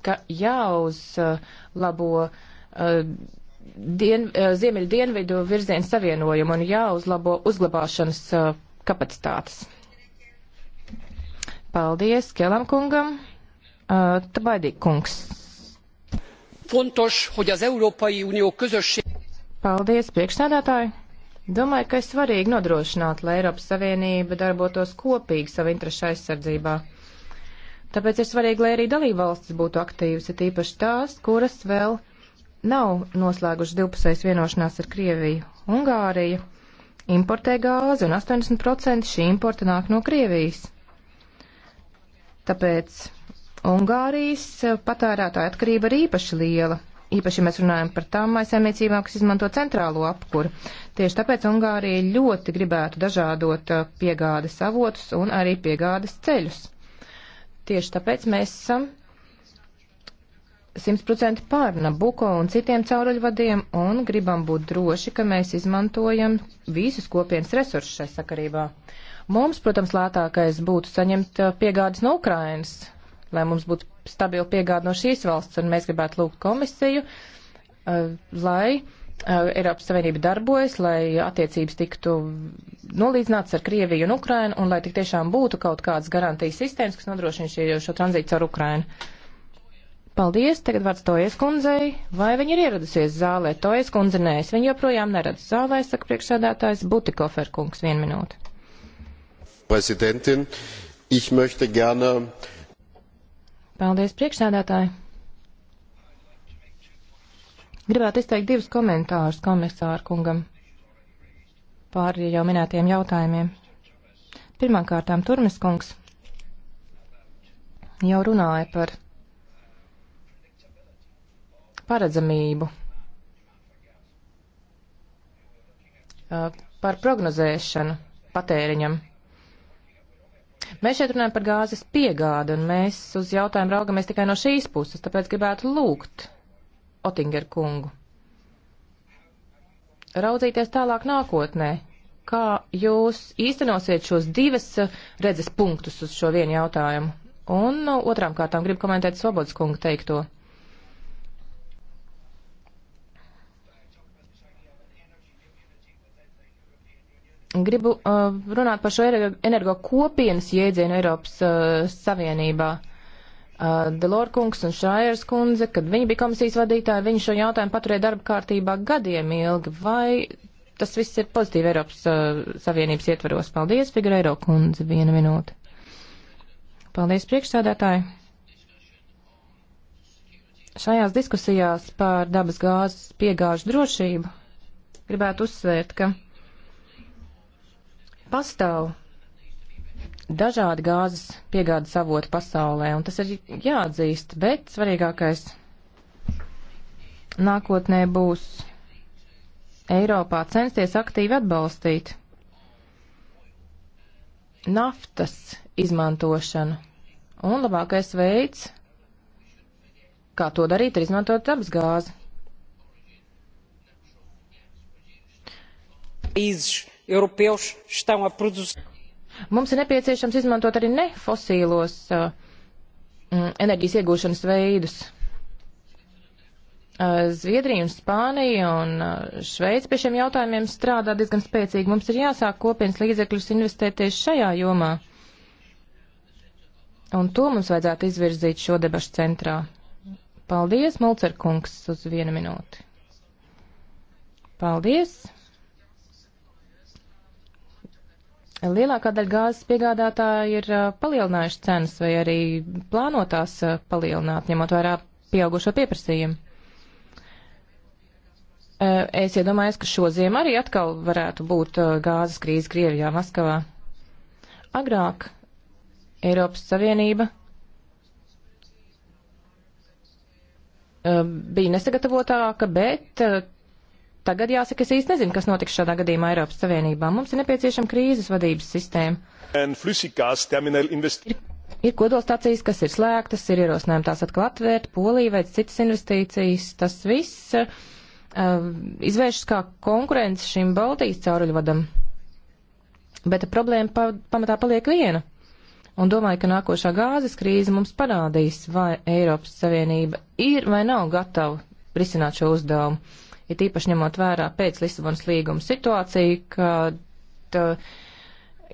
ka jāuzlabo uh, dien, eh, ziemeļu dienvidu virzienu savienojumu un jāuzlabo uzglabāšanas eh, kapacitātes. Paldies Kelam kungam. Eh, Tabaidik kungs. Fontos, hogy az Európai Unió közösség. Paldies, priekšsēdētāji. Domāju, ka ir svarīgi nodrošināt, lai Eiropas Savienība darbotos kopīgi savu interesu aizsardzībā. Tāpēc ir svarīgi, lai arī dalībvalstis būtu aktīvas, ir tīpaši tās, kuras vēl nav noslēguši divpusējas vienošanās ar Krieviju. Ungārija importē gāzi un 80% šī importa nāk no Krievijas. Tāpēc Ungārijas patērētāja atkarība ir īpaši liela. Īpaši mēs runājam par tām maisaimniecībām, kas izmanto centrālo apkuru. Tieši tāpēc Ungārija ļoti gribētu dažādot uh, piegādes avotus un arī piegādes ceļus. Tieši tāpēc mēs esam 100% pār Nabuko un citiem cauruļvadiem un gribam būt droši, ka mēs izmantojam visus kopienas resursus šai sakarībā. Mums, protams, lētākais būtu saņemt piegādes no Ukrainas, lai mums būtu stabila piegāda no šīs valsts, un mēs gribētu lūgt komisiju, lai Eiropas Savienība darbojas, lai attiecības tiktu nolīdzināts ar Krieviju un Ukrainu, un lai tik tiešām būtu kaut kādas garantijas sistēmas, kas nodrošina šo tranzītu caur Ukrainu. Paldies, tagad vārds Tojas kundzei. Vai viņa ir ieradusies zālē? Tojas kundze nē, es viņu joprojām neredzu zālē, saka priekšsēdētājs Butikofer kungs, vienu minūti. Prezidentin, ich möchte gerne. Paldies, priekšsēdētāji. Gribētu izteikt divus komentārus komisāru kungam pār jau minētiem jautājumiem. Pirmkārtām, Turmes kungs jau runāja par paredzamību, par prognozēšanu patēriņam. Mēs šeit runājam par gāzes piegādi, un mēs uz jautājumu raugamies tikai no šīs puses, tāpēc gribētu lūgt Otinger kungu. Raudzīties tālāk nākotnē, kā jūs īstenosiet šos divas redzes punktus uz šo vienu jautājumu. Un otrām kārtām gribu komentēt Svobodas kunga teikto. Gribu uh, runāt par šo energo kopienas jēdzienu Eiropas uh, Savienībā. Uh, Delors kungs un Šājers kundze, kad viņi bija komisijas vadītāji, viņi šo jautājumu paturēja darba kārtībā gadiem ilgi. Vai tas viss ir pozitīvi Eiropas uh, Savienības ietvaros? Paldies, Figurēro kundze, viena minūte. Paldies, priekšsādātāji. Šajās diskusijās par dabas gāzes piegāžu drošību gribētu uzsvērt, ka Pastāv dažādi gāzes piegādes avoti pasaulē, un tas ir jāatzīst, bet svarīgākais nākotnē būs Eiropā censties aktīvi atbalstīt naftas izmantošanu. Un labākais veids, kā to darīt, ir izmantot dabas gāzi. Izš europeus estão a produzir. Mums ir nepieciešams izmantot arī nefosīlos uh, mm, enerģijas iegūšanas veidus. Uh, Zviedrija un Spānija un uh, Šveica pie šiem jautājumiem strādā diezgan spēcīgi. Mums ir jāsāk kopienas līdzekļus investēt tieši šajā jomā. Un to mums vajadzētu izvirzīt šo debašu centrā. Paldies, Mulcerkungs, uz vienu minūti. Paldies! Lielākā daļa gāzes piegādātāji ir palielinājuši cenas vai arī plānotās palielināt, ņemot vērā pieaugušo pieprasījumu. Es iedomājos, ka šo ziemu arī atkal varētu būt gāzes krīze Krievijā, Maskavā. Agrāk Eiropas Savienība bija nesagatavotāka, bet Tagad jāsaka, es īsti nezinu, kas notiks šādā gadījumā Eiropas Savienībā. Mums ir nepieciešama krīzes vadības sistēma. Ir, ir kodolstācijas, kas ir slēgtas, ir ierosinājumi tās atkal atvērt, Polija veids citas investīcijas. Tas viss uh, izvēršas kā konkurence šim Baltijas cauruļvadam. Bet problēma pa, pamatā paliek viena un domāju, ka nākošā gāzes krīze mums parādīs, vai Eiropas Savienība ir vai nav gatava risināt šo uzdevumu it īpaši ņemot vērā pēc Lisabonas līguma situāciju, kad uh,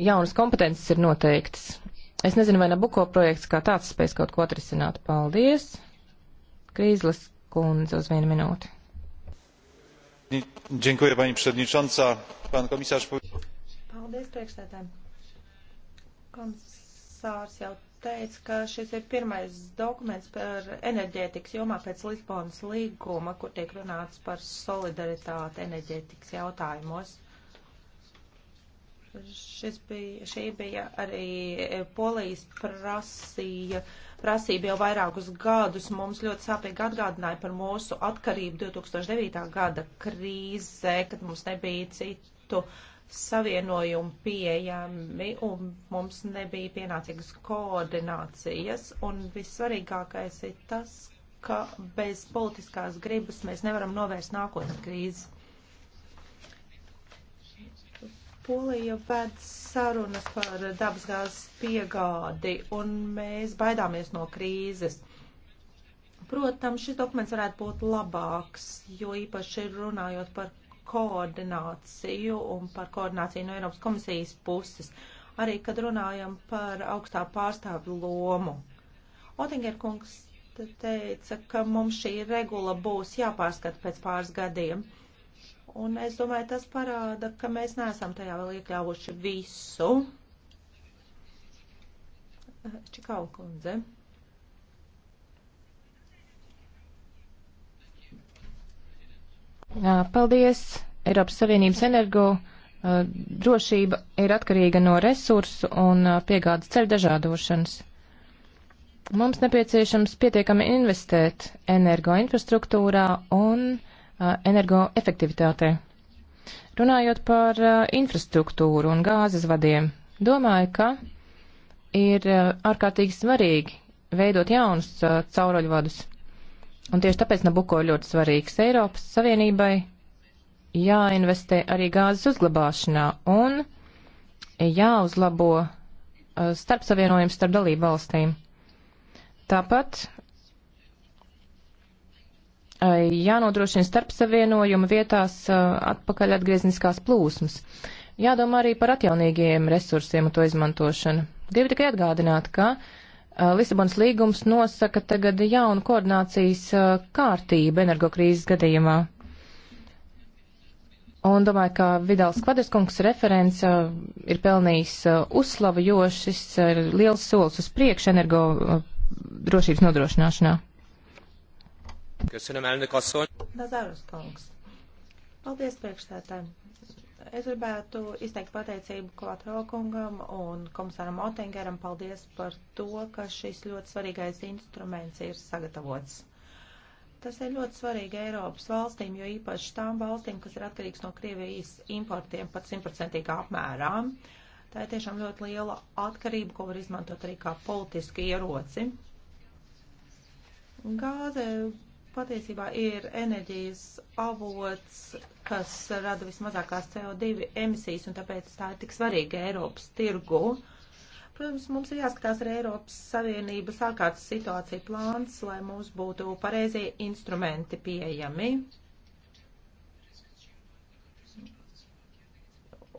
jaunas kompetences ir noteiktas. Es nezinu, vai Nabuko projekts kā tāds spēs kaut ko atrisināt. Paldies! Krīzlas kundze uz vienu minūti. Dziękuję, pani przewodnicząca. Pan komisarz. Paldies, priekšsēdētāji. Komisārs jau teica, ka šis ir pirmais dokuments par enerģētikas jomā pēc Lisbonas līguma, kur tiek runāts par solidaritāti enerģētikas jautājumos. Šis bija, šī bija arī polijas prasīja, prasība jau vairākus gadus. Mums ļoti sāpīgi atgādināja par mūsu atkarību 2009. gada krīzē, kad mums nebija citu uh, savienojumi pieejami un mums nebija pienācīgas koordinācijas. Un vissvarīgākais ir tas, ka bez politiskās gribas mēs nevaram novērst nākotnes krīzes. Polija ved sarunas par dabasgāzes piegādi, un mēs baidāmies no krīzes. Protams, šis dokuments varētu būt labāks, jo īpaši runājot par koordināciju un par koordināciju no Eiropas komisijas puses, arī kad runājam par augstā pārstāvju lomu. Otinger kungs teica, ka mums šī regula būs jāpārskata pēc pāris gadiem. Un es domāju, tas parāda, ka mēs neesam tajā vēl iekļāvuši visu. Čikau kundze. Paldies! Eiropas Savienības energo drošība ir atkarīga no resursu un piegādes ceļu dažādošanas. Mums nepieciešams pietiekami investēt energoinfrastruktūrā un energoefektivitātē. Runājot par infrastruktūru un gāzes vadiem, domāju, ka ir ārkārtīgi svarīgi veidot jaunus cauroļvadus. Un tieši tāpēc Nabuko ļoti svarīgs Eiropas Savienībai jāinvestē arī gāzes uzglabāšanā un jāuzlabo uh, starp savienojums starp dalību valstīm. Tāpat uh, jānodrošina starp savienojuma vietās uh, atpakaļ atgriezniskās plūsmas. Jādomā arī par atjaunīgiem resursiem un to izmantošanu. Gribu tikai atgādināt, ka uh, Uh, Lisabonas līgums nosaka tagad jaunu koordinācijas uh, kārtību energokrīzes gadījumā. Un domāju, ka Vidāls Kvadriskungs referents uh, ir pelnījis uzslavu, jo šis ir liels solis uz priekšu energo drošības nodrošināšanā. Köszönöm, elnök asszony! Nazáros kungs. Paldies priekšstādājiem! Es gribētu izteikt pateicību Kvatro kungam un komisāram Otengeram. Paldies par to, ka šis ļoti svarīgais instruments ir sagatavots. Tas ir ļoti svarīgi Eiropas valstīm, jo īpaši tām valstīm, kas ir atkarīgs no Krievijas importiem pat simtprocentīgā apmērā. Tā ir tiešām ļoti liela atkarība, ko var izmantot arī kā politiski ieroci. Gāze patiesībā ir enerģijas avots, kas rada vismazākās CO2 emisijas, un tāpēc tā ir tik svarīga Eiropas tirgu. Protams, mums ir jāskatās arī Eiropas Savienības ārkārtas situācija plāns, lai mums būtu pareizie instrumenti pieejami.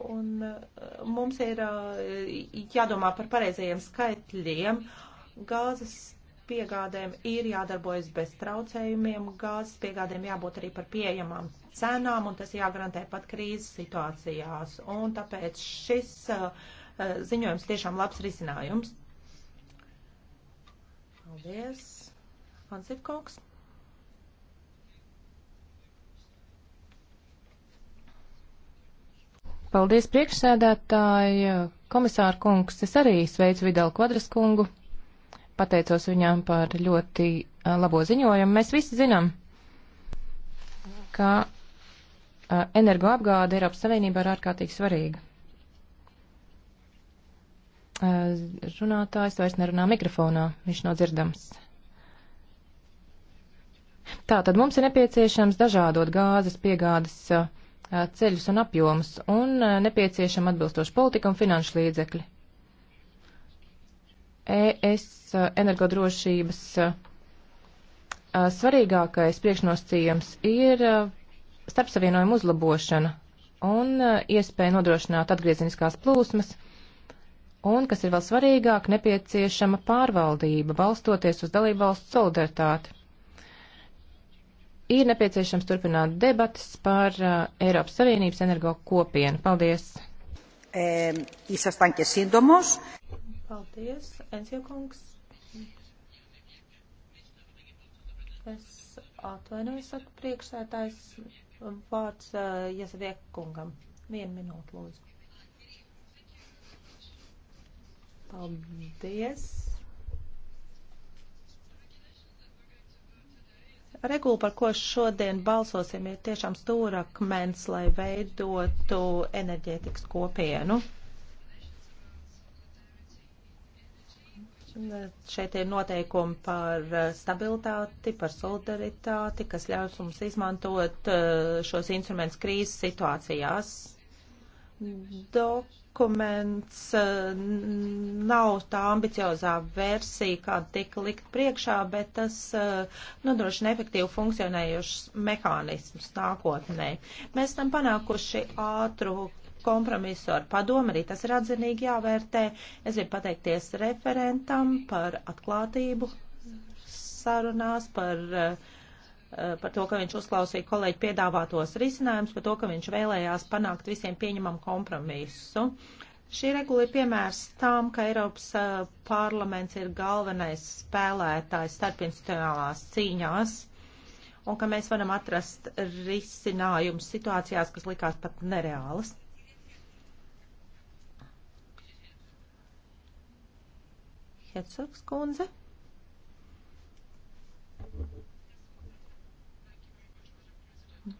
Un uh, mums ir uh, jādomā par pareizajiem skaitļiem. Gāzes piegādēm ir jādarbojas bez traucējumiem, gāzes piegādēm jābūt arī par pieejamām cenām, un tas jāgarantē pat krīzes situācijās. Un tāpēc šis uh, uh ziņojums tiešām labs risinājums. Paldies. Ansipkoks. Paldies priekšsēdētāji, komisāra kungs. Es arī sveicu Vidalu Kvadras kungu pateicos viņām par ļoti labo ziņojumu. Mēs visi zinām, ka energoapgāde Eiropas Savienībā ir ārkārtīgi svarīga. Runātājs vairs nerunā mikrofonā, viņš nav dzirdams. Tā tad mums ir nepieciešams dažādot gāzes piegādes ceļus un apjomus un nepieciešama atbilstoša politika un finanšu līdzekļi. ES uh, energodrošības uh, uh, svarīgākais priekšnosacījums ir starpsavienojuma uzlabošana un iespēja nodrošināt atgriezeniskās plūsmas, un, kas ir vēl svarīgāk, nepieciešama pārvaldība, balstoties uz dalībvalstu solidaritāti. Ir nepieciešams turpināt debatas par uh, Eiropas Savienības energo kopienu. Paldies! Paldies! Ensio kungs. Es atvainojos, saka priekšsētājs vārds uh, Jasaviek kungam. Vienu minūtu, lūdzu. Paldies. Regula, par ko šodien balsosim, ir tiešām stūrakmens, lai veidotu enerģētikas kopienu. Šeit ir noteikumi par eh, stabilitāti, par solidaritāti, kas ļaus mums izmantot eh, šos instrumentus krīzes situācijās. Dokuments eh, nav tā ambiciozā versija, kāda tika likt priekšā, bet tas nodrošina nu, efektīvu funkcionējušus mehānismus nākotnē. Mēs tam panākuši ātru kompromisu ar padomu, arī tas ir atzinīgi jāvērtē. Es gribu pateikties referentam par atklātību sarunās, par, eh, par to, ka viņš uzklausīja kolēģi piedāvātos risinājumus, par to, ka viņš vēlējās panākt visiem pieņemam kompromisu. Šī regula ir piemērs tam, ka Eiropas eh, parlaments ir galvenais spēlētājs starpinstitucionālās cīņās un ka mēs varam atrast risinājumus situācijās, kas likās pat nereālas. Hercogs kundze.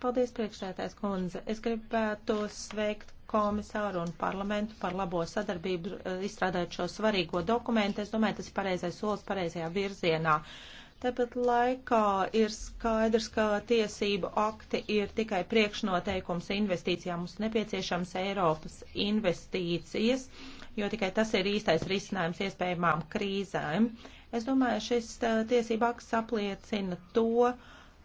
Paldies, priekšsētājs kundze. Es gribētu sveikt komisāru un parlamentu par labo sadarbību eh, izstrādājot šo svarīgo dokumentu. Es domāju, tas ir pareizais solis pareizajā virzienā. Uh, Tāpat laikā ir skaidrs, ka tiesību akti ir tikai priekšnoteikums investīcijām. Mums nepieciešams Eiropas investīcijas, jo tikai tas ir īstais risinājums iespējamām krīzēm. Es domāju, šis tiesību akts apliecina to,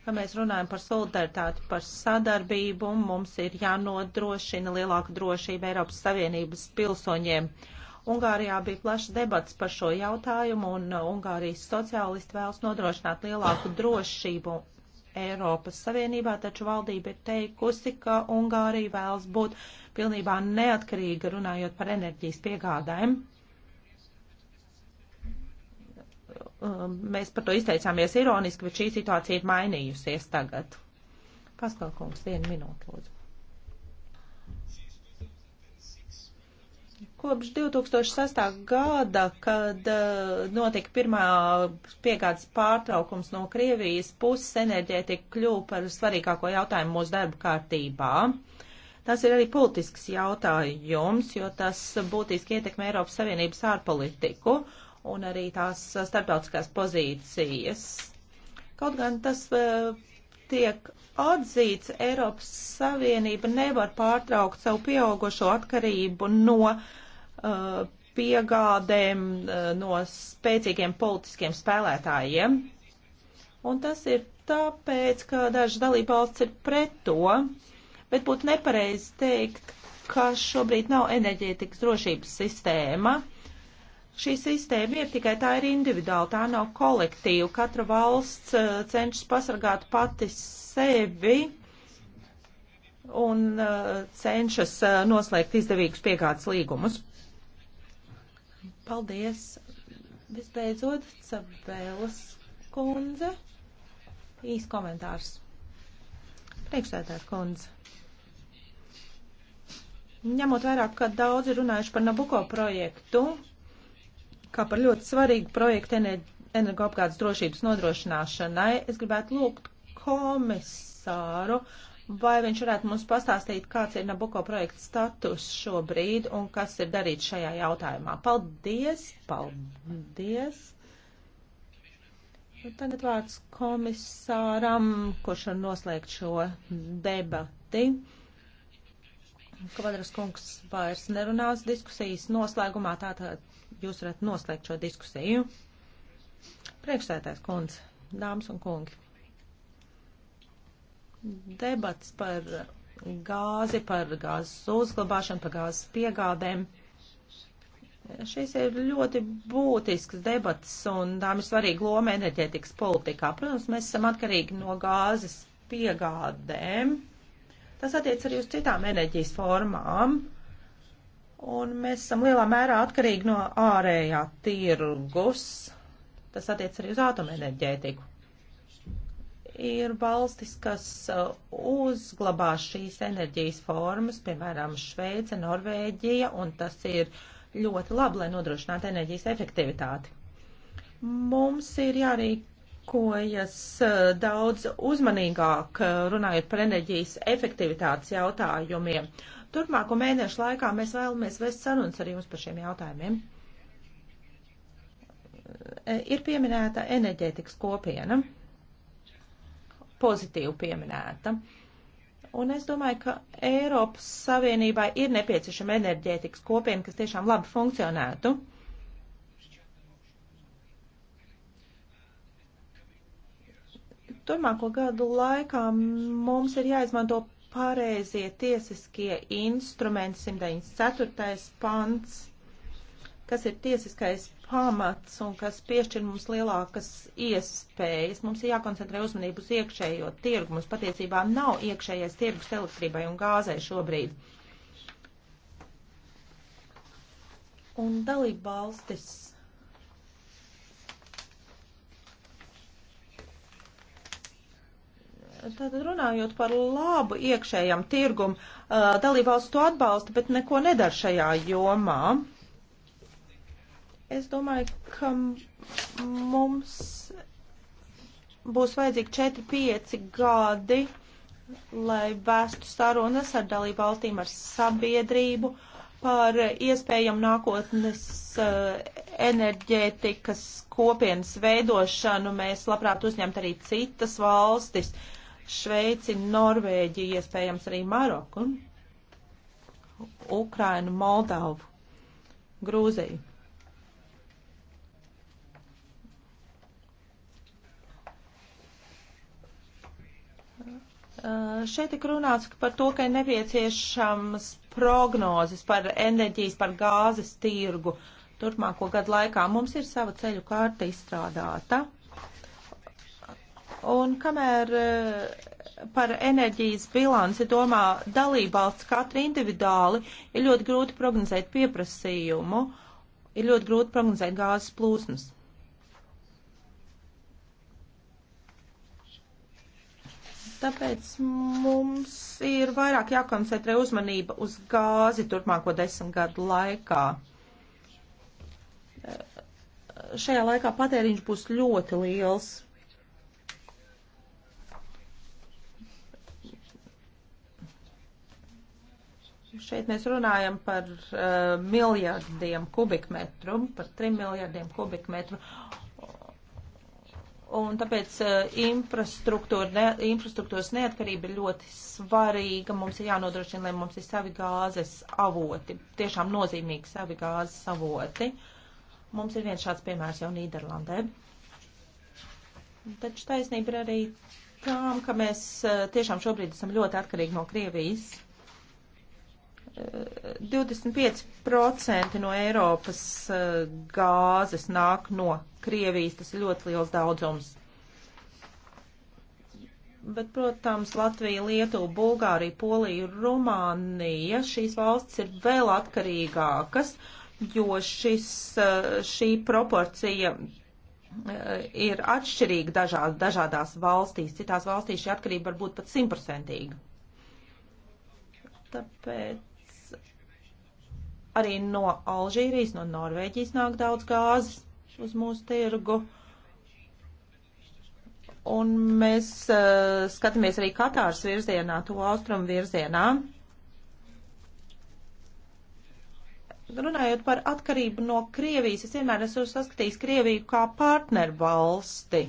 ka mēs runājam par solidaritāti, par sadarbību. Mums ir jānodrošina lielāka drošība Eiropas Savienības pilsoņiem. Uh, Ungārijā bija plašs debats par šo jautājumu, un uh, Ungārijas sociālisti vēlas nodrošināt lielāku drošību Eiropas Savienībā, taču valdība ir teikusi, ka Ungārija vēlas būt pilnībā neatkarīga runājot par enerģijas piegādēm. Um, mēs par to izteicāmies ironiski, bet šī situācija ir mainījusies tagad. Paskalkungs, vienu minūtu, lūdzu. Kopš 2006. gada, kad eh, notika pirmā piegādes pārtraukums no Krievijas puses, enerģētika kļuva par svarīgāko jautājumu mūsu darba kārtībā. Tas ir arī politisks jautājums, jo tas būtiski ietekmē Eiropas Savienības ārpolitiku un arī tās starptautiskās pozīcijas. Kaut gan tas eh, tiek atzīts, Eiropas Savienība nevar pārtraukt savu pieaugušo atkarību no uh, Uh, piegādēm uh, no spēcīgiem politiskiem spēlētājiem. Un tas ir tāpēc, ka daži dalībvalsts ir pret to, bet būtu nepareizi teikt, ka šobrīd nav enerģētikas drošības sistēma. Šī sistēma ir tikai tā ir individuāla, tā nav kolektīva. Katra valsts uh, cenšas pasargāt pati sevi un cenšas noslēgt izdevīgus piegādes līgumus. Paldies! Visbeidzot, Cabelas kundze. Īs komentārs. Priekšsēdētājs kundze. Ņemot vairāk, ka daudzi runājuši par Nabuko projektu, kā par ļoti svarīgu projektu energoapgādes drošības nodrošināšanai, es gribētu lūgt komisāru Vai viņš varētu mums pastāstīt, kāds ir Nabuko projekta status šobrīd un kas ir darīts šajā jautājumā? Paldies! Paldies! Nu, tagad vārds komisāram, kurš var noslēgt šo debati. Kvadras kungs vairs nerunās diskusijas noslēgumā, tātad jūs varat noslēgt šo diskusiju. Priekšsētājs kundze, dāmas un kungi debats par gāzi, par gāzes uzglabāšanu, par gāzes piegādēm. Šis ir ļoti būtisks debats un tām ir svarīga loma enerģētikas politikā. Protams, mēs esam atkarīgi no gāzes piegādēm. Tas attiec arī uz citām enerģijas formām. Un mēs esam lielā mērā atkarīgi no ārējā tirgus. Tas attiec arī uz atomenerģētiku ir valstis, kas uh, uzglabā šīs enerģijas formas, piemēram, Šveice, Norvēģija, un tas ir ļoti labi, lai nodrošinātu enerģijas efektivitāti. Mums ir jārīkojas uh, daudz uzmanīgāk uh, runājot par enerģijas efektivitātes jautājumiem. Turpmāko mēnešu laikā mēs vēlamies vest sarunas ar jums par šiem jautājumiem. Ir pieminēta enerģētikas kopiena. Ja pozitīvi pieminēta. Un es domāju, ka Eiropas Savienībai ir nepieciešama enerģētikas kopiena, kas tiešām labi funkcionētu. Turmāko gadu laikā mums ir jāizmanto pareizie tiesiskie instrumenti 194. pants, kas ir tiesiskais pamats un kas piešķir mums lielākas iespējas. Mums ir jākoncentrē uzmanību uz iekšējo tirgu. Mums patiesībā nav iekšējais tirgus elektrībai un gāzai šobrīd. Un dalība valstis. Tātad runājot par labu iekšējam tirgum, dalībvalsts to atbalsta, bet neko nedara šajā jomā. Es domāju, ka mums būs vajadzīgi 4-5 gadi, lai vēstu sarunas ar dalību valstīm, ar sabiedrību par iespējamu nākotnes eh, enerģētikas kopienas veidošanu. Mēs labprāt uzņemt arī citas valstis - Šveici, Norvēģiju, iespējams arī Maroku, Ukrainu, Moldavu, Grūziju. Eh, šeit tik runāts par to, ka ir nepieciešams prognozes par enerģijas, par gāzes tirgu turpmāko gadu laikā. Mums ir sava ceļu kārta izstrādāta. Un kamēr eh, par enerģijas bilanci domā dalībvalsts katra individuāli, ir ļoti grūti prognozēt pieprasījumu, ir ļoti grūti prognozēt gāzes plūsmas. Tāpēc mums ir vairāk jākoncentrē uzmanība uz gāzi turpmāko desmit gadu laikā. Šajā laikā patēriņš būs ļoti liels. Šeit mēs runājam par uh, miljardiem kubikmetru, par trim miljardiem kubikmetru, un tāpēc eh, infrastruktūra, ne, infrastruktūras neatkarība ir ļoti svarīga. Mums ir jānodrošina, lai mums ir savi gāzes avoti, tiešām nozīmīgi savi gāzes avoti. Mums ir viens šāds piemērs jau Nīderlandē. Taču taisnība ir arī tām, ka mēs eh, tiešām šobrīd esam ļoti atkarīgi no Krievijas 25% no Eiropas eh, gāzes nāk no Krievijas, tas ir ļoti liels daudzums. Bet, protams, Latvija, Lietuva, Bulgārija, Polija, Rumānija, šīs valstis ir vēl atkarīgākas, jo šis, eh, šī proporcija eh, ir atšķirīga dažā, dažādās valstīs. Citās valstīs šī atkarība var būt pat simtprocentīga. Tāpēc Arī no Alžīrijas, no Norvēģijas nāk daudz gāzes uz mūsu tirgu. Un mēs uh, skatāmies arī Katāras virzienā, to austrumu virzienā. Runājot par atkarību no Krievijas, es vienmēr esmu saskatījis Krieviju kā partneru valsti.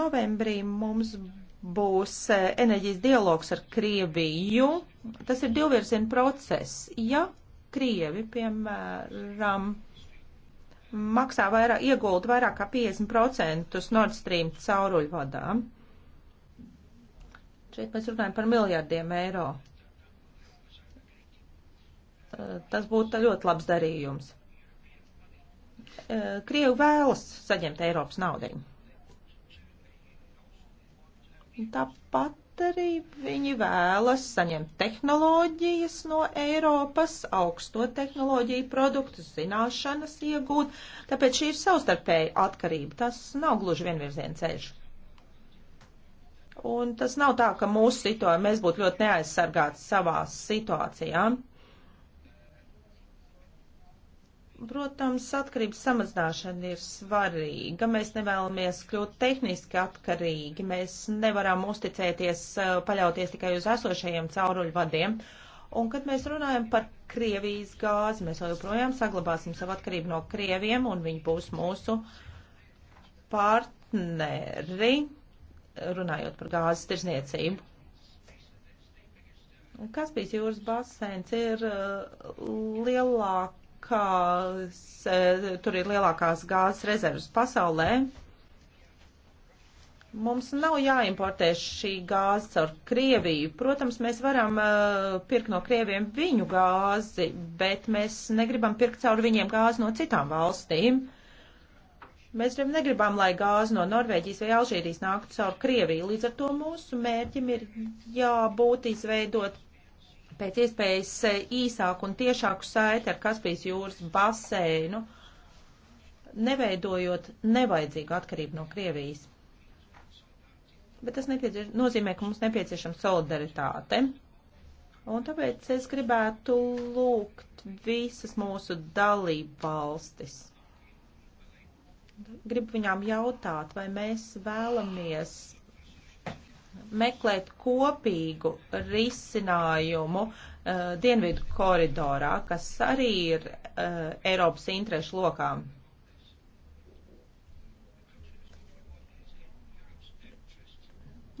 Novembrī mums būs e, enerģijas dialogs ar Krieviju. Tas ir divvirziena process. Ja Krievi, piemēram, maksā vairāk, iegulda vairāk kā 50% Nord Stream cauruļvadām, šeit mēs runājam par miljardiem eiro. E, tas būtu ļoti labs darījums. E, Krievi vēlas saņemt Eiropas naudiņu. Tāpat arī viņi vēlas saņemt tehnoloģijas no Eiropas, augsto tehnoloģiju produktu, zināšanas iegūt, tāpēc šī ir savstarpēja atkarība. Tas nav gluži vienvirziena ceļš. Un tas nav tā, ka mūsu situācija, mēs būtu ļoti neaizsargāti savās situācijām. Protams, atkarības samazināšana ir svarīga. Mēs nevēlamies kļūt tehniski atkarīgi. Mēs nevaram uzticēties, eh, paļauties tikai uz esošajiem cauruļvadiem. Un, kad mēs runājam par Krievijas gāzi, mēs joprojām saglabāsim savu atkarību no Krieviem, un viņi būs mūsu partneri, runājot par gāzes tirzniecību. Kaspijas jūras basēns ir eh, lielāk ka eh, tur ir lielākās gāzes rezervas pasaulē. Mums nav jāimportē šī gāze caur Krieviju. Protams, mēs varam uh, pirkt no Krieviem viņu gāzi, bet mēs negribam pirkt caur viņiem gāzi no citām valstīm. Mēs negribam, lai gāze no Norvēģijas vai Alžīrijas nāktu caur Krieviju. Līdz ar to mūsu mērķim ir jābūt izveidot pēc iespējas e, īsāku un tiešāku saiti ar Kaspijas jūras baseinu, neveidojot nevajadzīgu atkarību no Krievijas. Bet tas nozīmē, ka mums nepieciešama solidaritāte. Un tāpēc es gribētu lūgt visas mūsu dalību valstis. Gribu viņām jautāt, vai mēs vēlamies meklēt kopīgu risinājumu uh, Dienvidu koridorā, kas arī ir uh, Eiropas interešu lokām.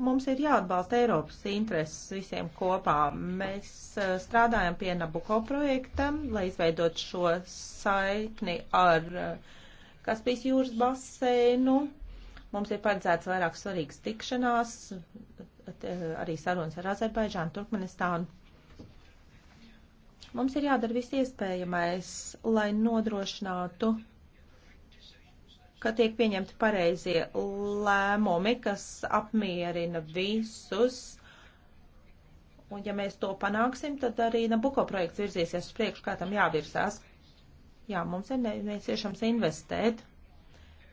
Mums ir jāatbalsta Eiropas intereses visiem kopā. Mēs uh, strādājam pie Nabuko projekta, lai izveidot šo saikni ar uh, Kaspijas jūras baseinu. Uh, Mums ir paredzēts vairāk svarīgas tikšanās, arī sarunas ar Azerbaidžānu, Turkmenistānu. Mums ir jādara viss iespējamais, lai nodrošinātu, ka tiek pieņemti pareizie lēmumi, kas apmierina visus. Un ja mēs to panāksim, tad arī Nabuko projekts virzīsies uz priekšu, kā tam jāvirsās. Jā, mums ir nepieciešams investēt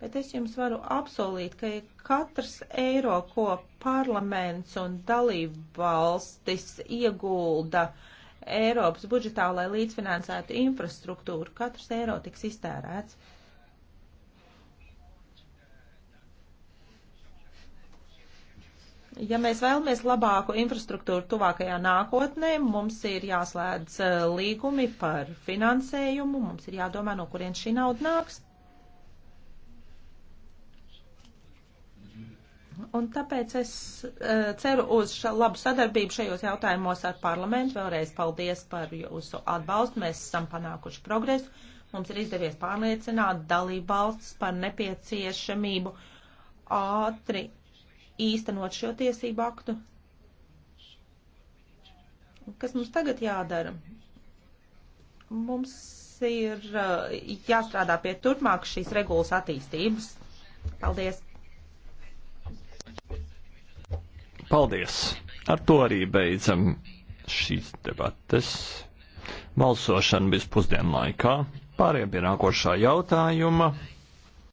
bet es jums varu apsolīt, ka katrs eiro, ko parlaments un dalību valstis iegulda Eiropas budžetā, lai līdzfinansētu infrastruktūru, katrs eiro tiks iztērēts. Ja mēs vēlamies labāku infrastruktūru tuvākajā nākotnē, mums ir jāslēdz eh, līgumi par finansējumu, mums ir jādomā, no kurien šī nauda nāks. Un tāpēc es uh, ceru uz ša, labu sadarbību šajos jautājumos ar parlamentu. Vēlreiz paldies par jūsu atbalstu. Mēs esam panākuši progresu. Mums ir izdevies pārliecināt dalību valsts par nepieciešamību ātri īstenot šo tiesību aktu. Kas mums tagad jādara? Mums ir uh, jāstrādā pie turpmāk šīs regulas attīstības. Paldies! Paldies! Ar to arī beidzam šīs debates. Balsošana bez pusdienu laikā. Pārējiem pie nākošā jautājuma.